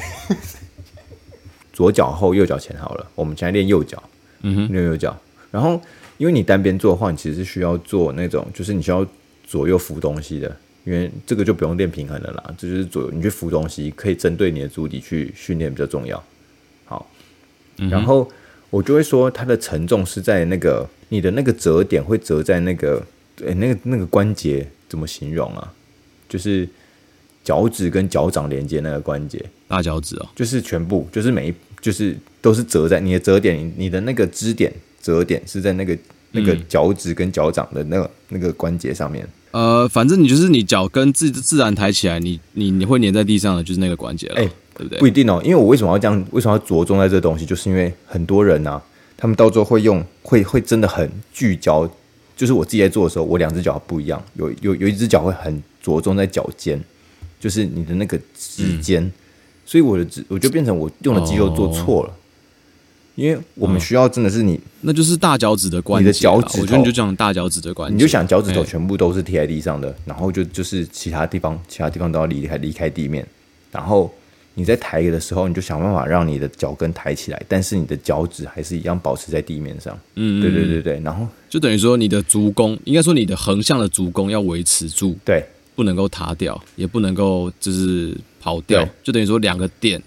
<laughs> 左腳後，右腳前好了。我們現在練右腳，嗯哼，練右腳。然後因為你單邊做的話，你其實是需要做那種，就是你需要左右扶東西的，因為這個就不用練平衡的啦。就，就是左右，你去扶東西，可以針對你的足底去訓練比較重要。好，然後。嗯我就會說，它的承重是在那個你的那個折點會折在那個誒、欸，那個那個關節怎麼形容啊？就是腳趾跟腳掌連接那個關節，大腳趾哦，就是全部，就是每一，就是都是折在你的折點你，你的那個支點折點是在那個那個腳趾跟腳掌的那個那個關節上面、嗯。呃，反正你就是你腳跟自自然抬起來，你你你會粘在地上的就是那個關節了。欸對不對？不一定哦，因為我為什麼要這樣？為什麼要着重在這東西？就是因為很多人啊，他們到時候會用，會會真的很聚焦。就是我自己在做的時候，我兩隻腳不一樣，有有有一隻腳會很着重在腳尖，就是你的那個指尖。嗯、所以我就我就變成我用的肌肉做錯了。哦、因為我們需要真的是你，哦、那就是大腳趾的關係、啊。你的腳趾，我覺得你就這樣大腳趾的關係、啊，你就想腳趾頭全部都是貼在地上的，哎、然後就就是其他地方，其他地方都要離開離開地面，然後。你在抬的時候，你就想辦法讓你的腳跟抬起來，但是你的腳趾還是一樣保持在地面上。嗯，對對對對。然後就等於說你的足弓，應該說你的橫向的足弓要維持住，對，不能夠塌掉，也不能夠就是跑掉。對，就等於說兩個點，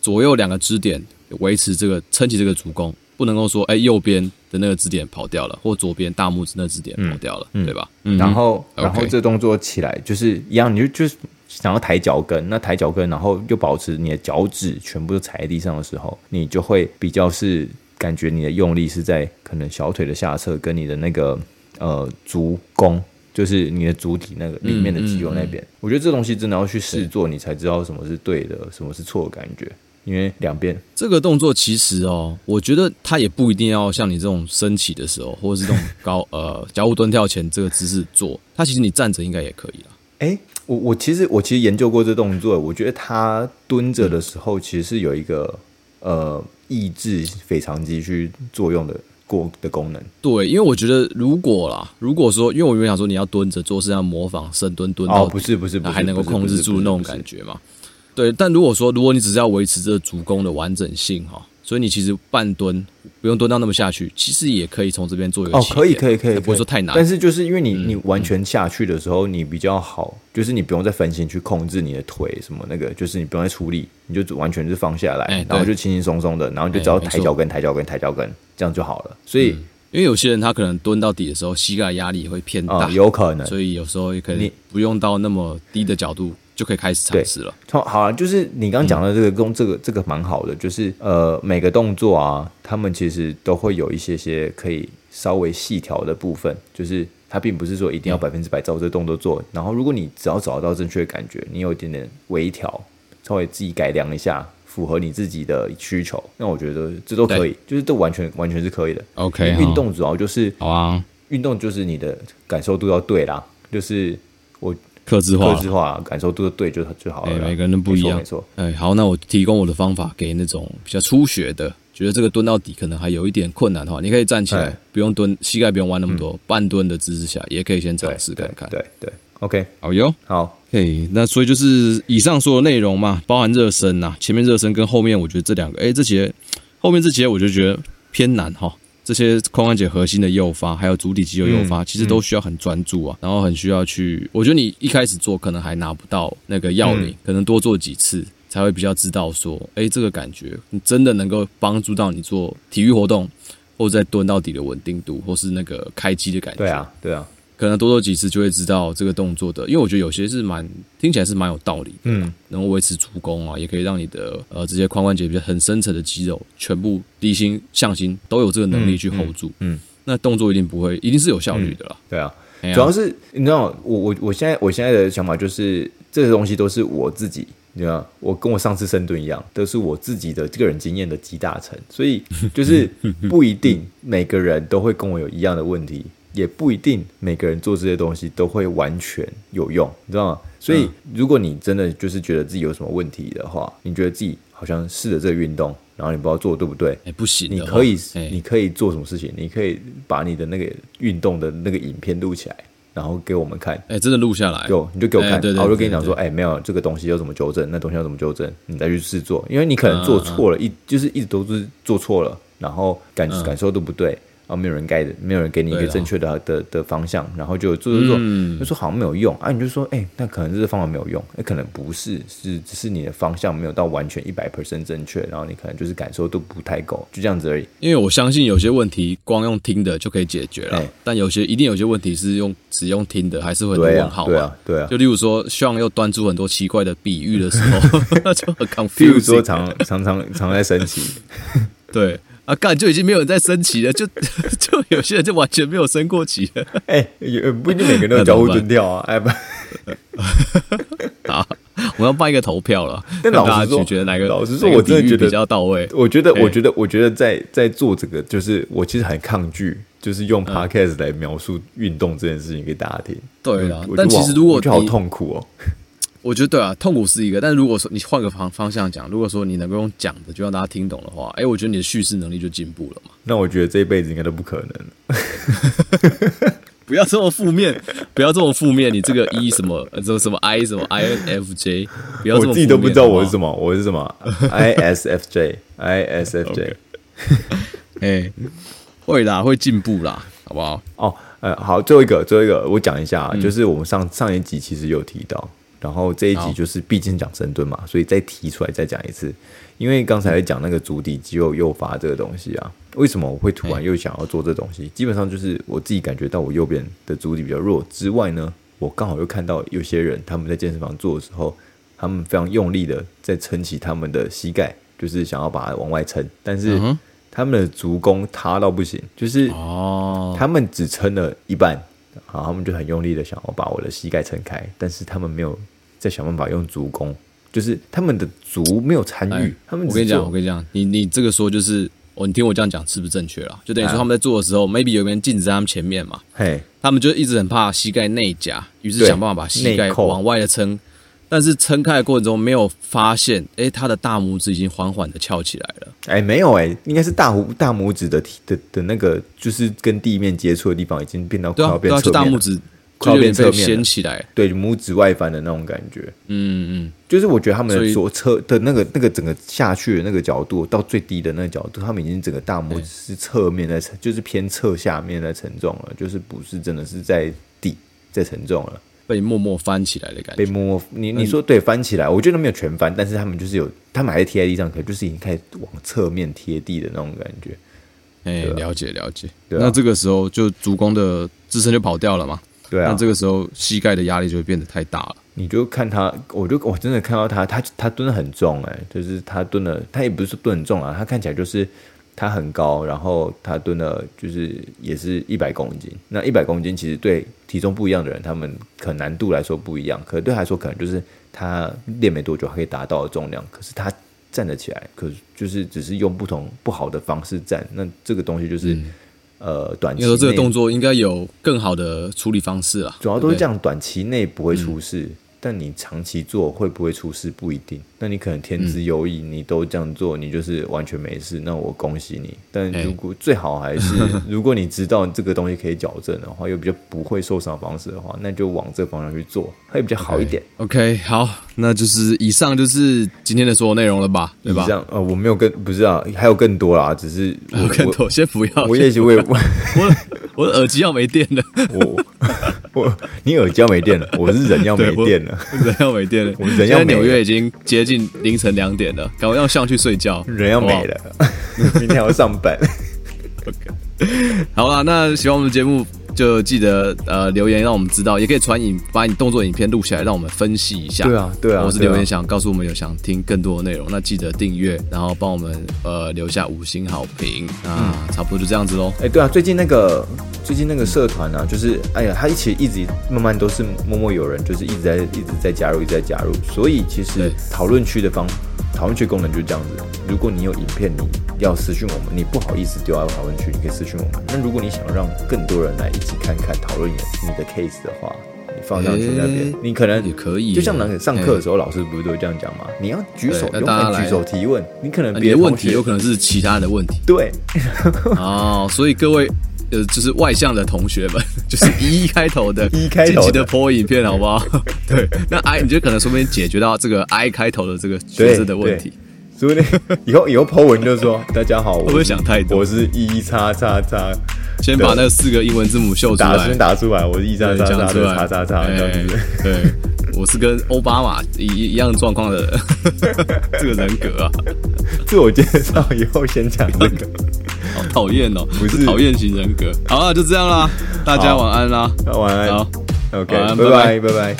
左右兩個支點維持這個撐起這個足弓，不能夠說哎右邊的那個支點跑掉了，或左邊大拇指那支點跑掉了，嗯、對吧？嗯、然後、Okay. 然後這動作起來就是一樣，你就就是。想要抬腳跟，那抬腳跟，然後又保持你的腳趾全部都踩在地上的時候，你就會比較是感覺你的用力是在可能小腿的下側跟你的那個呃足弓，就是你的足底那個裡面的肌肉那邊、嗯嗯嗯。我覺得這東西真的要去試做，你才知道什麼是對的，什麼是錯的感覺。因為兩邊這個動作其實哦，我覺得它也不一定要像你這種升起的時候，或者是這種高 <laughs> 呃，腳後蹲跳前這個姿勢做，它其實你站着應該也可以了、啊。誒、欸。我我其實我其實研究過這動作，我覺得它蹲着的時候，其實是有一個呃抑制腓腸肌去作用的過的功能。對，因為我覺得如果啦，如果說，因為我原本想說你要蹲着做是要模仿深蹲蹲哦，不是不是，那還能夠控制住那種感覺嘛？不是不是不是不是對，但如果說如果你只是要維持這個足弓的完整性哈、喔。所以你其實半蹲不用蹲到那麼下去，其實也可以從這邊做一個哦，可以可以可以，可以不會說太難。但是就是因為你你完全下去的時候、嗯，你比較好，就是你不用再分心去控制你的腿什麼那個，就是你不用再出力，你就完全是放下來，欸、然後就輕輕鬆鬆的，欸、然後就只要抬腳跟、欸、抬腳跟抬腳跟、抬腳跟，這樣就好了。所以、嗯、因為有些人他可能蹲到底的時候膝蓋壓力會偏大、嗯，有可能，所以有時候也可以不用到那麼低的角度。就可以開始嘗試了。好，啊，就是你剛剛講的這個功、嗯，這個這個蠻好的。就是呃，每個動作啊，他們其實都會有一些些可以稍微細調的部分。就是它並不是說一定要百分之百照這動作做。嗯、然後，如果你只要找得到正確的感覺，你有一點點微調，稍微自己改良一下，符合你自己的需求，那我覺得這都可以。就是這完全完全是可以的。OK，運動主要就是好啊，運動就是你的感受度要對啦，就是。客製化，感受都是對，對，就是最好。哎、欸，每個人都不一樣沒，沒錯。哎，好，那我提供我的方法給那種比較初學的，嗯、覺得這個蹲到底可能還有一點困難的話，你可以站起來，不用蹲，欸、膝蓋不用彎那麼多，嗯、半蹲的姿勢下也可以先嘗試看看。對對，對，對，OK，好喲，好。Hey, 那所以就是以上說的內容嘛，包含熱身吶、啊，前面熱身跟後面，我覺得這兩個，哎、欸，這節後面這節我就覺得偏難哈。這些髖關節核心的誘發，還有足底肌肉誘發，嗯，其實都需要很專注啊，嗯，然後很需要去。我覺得你一開始做，可能還拿不到那個要領，嗯，可能多做幾次才會比較知道說，哎、欸，這個感覺你真的能夠幫助到你做體育活動，或者在蹲到底的穩定度，或是那個開機的感覺。對啊，對啊。可能多做幾次就會知道這個動作的。因為我覺得有些是蠻聽起來是蠻有道理，嗯，能夠維持足弓啊，也可以讓你的呃這些髖關節比較很深層的肌肉，全部離心向心都有這個能力去 hold 住，嗯，嗯，那動作一定不會一定是有效率的啦。對啊，對啊，主要是你知道我我我現在我現在的想法就是這些、個、東西都是我自己，對啊，我跟我上次深蹲一樣，都是我自己的個人經驗的集大成，所以就是不一定每個人都會跟我有一樣的問題。 <laughs> 也不一定每個人做這些東西都會完全有用，你知道嗎？所以如果你真的就是覺得自己有什麼問題的話，你覺得自己好像試着這個運動，然後你不知道做對不對，欸、不行，你可以、欸、你可以做什麼事情？你可以把你的那個運動的那個影片錄起來，然後給我們看。哎、欸，真的錄下來，有你就給我看，欸、對對對對，然後就跟你講說，哎、欸，沒有這個東西要怎麼糾正，那東西要怎麼糾正，你再去試做，因為你可能做錯了，啊啊啊，一就是一直都是做錯了，然後感、嗯、感受都不對。啊，沒有人蓋的，沒有人給你一個正確的的的方向，然後就就是說嗯，就說好像沒有用、嗯、啊。你就說，哎、欸，那可能這個方法沒有用，那、欸、可能不是，是是你的方向沒有到完全一百 percent 正確，然後你可能就是感受度不太夠，就這樣子而已。因為我相信有些問題光用聽的就可以解決了，哎、但有些一定有些問題是用只用聽的還是會很問號對、啊。對啊，對啊。就例如說，希望又端出很多奇怪的比喻的時候， <laughs> <laughs> 就很 confused。比如說常，常常常常在生氣 <laughs> 對。啊，幹就已經沒有人在升旗了，就就有些人就完全沒有升過旗了。哎、欸，也不一定每個人都要交互蹲跳啊。哎不，啊，我要辦一個投票了。那老實說，覺得哪個？老實說我比比，我真的比較到位。我覺得，我覺得，我覺得，在在做這個，就是我其實很抗拒，就是用 Podcast 來描述運動這件事情給大家聽。嗯、對啊，但其實如果我覺得好痛苦哦、喔。我覺得對啊，痛苦是一個。但是如果說你換個方方向講，如果說你能夠用講的，就讓大家聽懂的話，哎、欸，我覺得你的敘事能力就進步了嘛。那我覺得這一輩子應該都不可能。 <laughs> 不要這麼負面，不要這麼負面。你這個一、e、什麼，什麼什麼 I 什麼 I N F J，我自己都不知道我是什麼，我是什麼 I S F J I S F J。哎 <laughs> ISFJ，okay. <laughs> hey, 會啦，會進步啦，好不好？哦、oh,，呃，好，最後一個，最後一個，我講一下啊、嗯，就是我們上上一集其實有提到。然後這一集就是畢竟講深蹲嘛，oh. 所以再提出來再講一次。因為剛才有講那個足底肌肉誘發這個東西啊，為什麼我會突然又想要做這東西？Hey. 基本上就是我自己感覺到我右邊的足底比較弱之外呢，我剛好又看到有些人他們在健身房做的時候，他們非常用力的在撐起他們的膝蓋，就是想要把它往外撐，但是他們的足弓塌到不行，就是他們只撐了一半，oh. 然後他們就很用力的想要把我的膝蓋撐開，但是他們沒有。在想辦法用足弓，就是他們的足沒有參與。他們做，我跟你講，我跟你講，你你這個說就是，哦，你聽我這樣講是不是正確了？就等於說他們在做的時候，maybe 有一面鏡子在他們前面嘛。嘿，他們就一直很怕膝蓋內夾，於是想辦法把膝蓋往外的撐。但是撐開的過程中，沒有發現，誒、欸，他的大拇指已經緩緩的翹起來了。誒，沒有誒、欸，應該是大拇大拇指的的的那個，就是跟地面接觸的地方已經變到快要、啊、變側面側面掀起來，對拇指外翻的那種感覺，嗯嗯，就是我覺得他們所側的那個那個整個下去的那個角度到最低的那個角度，他們已經整個大拇指是側面在承，就是偏側下面在承重了，就是不是真的是在底在承重了，被默默翻起來的感覺。被默默你你說對翻起來，我覺得沒有全翻，但是他們就是有，他們還在貼在地上，可能就是已經開始往側面貼地的那種感覺。哎，了解了解，啊、那這個時候就足弓的支撐就跑掉了嗎？對啊，那這個時候膝蓋的壓力就會變得太大了。你就看他，我就我真的看到他，他他蹲得很重誒、欸，就是他蹲了，他也不是說蹲很重啊，他看起來就是他很高，然後他蹲了，就是也是一百公斤。那一百公斤其實對體重不一樣的人，他們可難度來說不一樣，可對他來說可能就是他練沒多久可以達到的重量，可是他站得起來，可就是只是用不同不好的方式站。那這個東西就是、嗯。呃，短期你說這個動作應該有更好的處理方式啦，主要都是這樣，短期內不會出事，嗯。但你長期做會不會出事不一定。那你可能天資優異，嗯、你都這樣做，你就是完全沒事。那我恭喜你。但如果、欸、最好還是， <laughs> 如果你知道這個東西可以矯正的話，又比較不會受傷方式的話，那就往這方向去做，會比較好一點。OK，okay，好，那就是以上就是今天的所有內容了吧？對吧？這、呃、樣我沒有更不是啊，還有更多啦，只是我還有更多我我，先不要。我也，我也， <laughs> 我的耳機要沒電了。我，我我你耳機要沒電了，我是人要沒電了，人要沒電了，我們人要。現在紐約已經接近凌晨兩點了，趕快要上去睡覺，人要沒了，好好，明天還要上班 <laughs> 。OK，好了，那喜歡我們的節目。就記得呃留言讓我們知道，也可以傳影把你動作影片錄下來，讓我們分析一下。對啊，對啊。我是留言想告訴我們有想聽更多的內容、啊啊，那記得訂閱，然後幫我們呃留下五星好評啊，差不多就這樣子嘍。哎、嗯欸，對啊，最近那個最近那個社團呢、啊，就是哎呀，他一起一直慢慢都是默默有人，就是一直在一直在加入，一直在加入，所以其實討論區的方。討論區功能就是這樣子。如果你有影片，你要私訊我們；你不好意思丟到討論區，你可以私訊我們。那如果你想讓更多人來一起看看討論你的 case 的話，你放上去。那邊、欸，你可能也可以、哦。就像男生上課的時候、欸，老師不是都這樣講嗎？你要舉手，勇敢舉手提問。你可能別的問題有可能是其他的問題。對， <laughs> 哦，所以各位。呃，就是外向的同學們，就是“一”開頭的、“一”開頭的破影片，好不好？對，對，那 “i” 你就可能順便解決到這個 “i” 開頭的這個角色的問題。所以以後以後 Po 文就是說：“大家好， <laughs> 我不會想太多。”我是“一叉叉叉”，先把那四個英文字母秀出來，先打，打出來。我是 EXXX, “一叉叉叉叉叉叉”對， <laughs> 我是跟奧巴馬一一樣狀況的這個人格啊。 <laughs> 自我介紹以後先講這個。 <laughs> 好討厭哦，不是 <laughs> 討厭型人格。好了就這樣啦， <laughs> 大家晚安啦好好，晚安，好 Okay, 晚安拜拜，拜拜。拜拜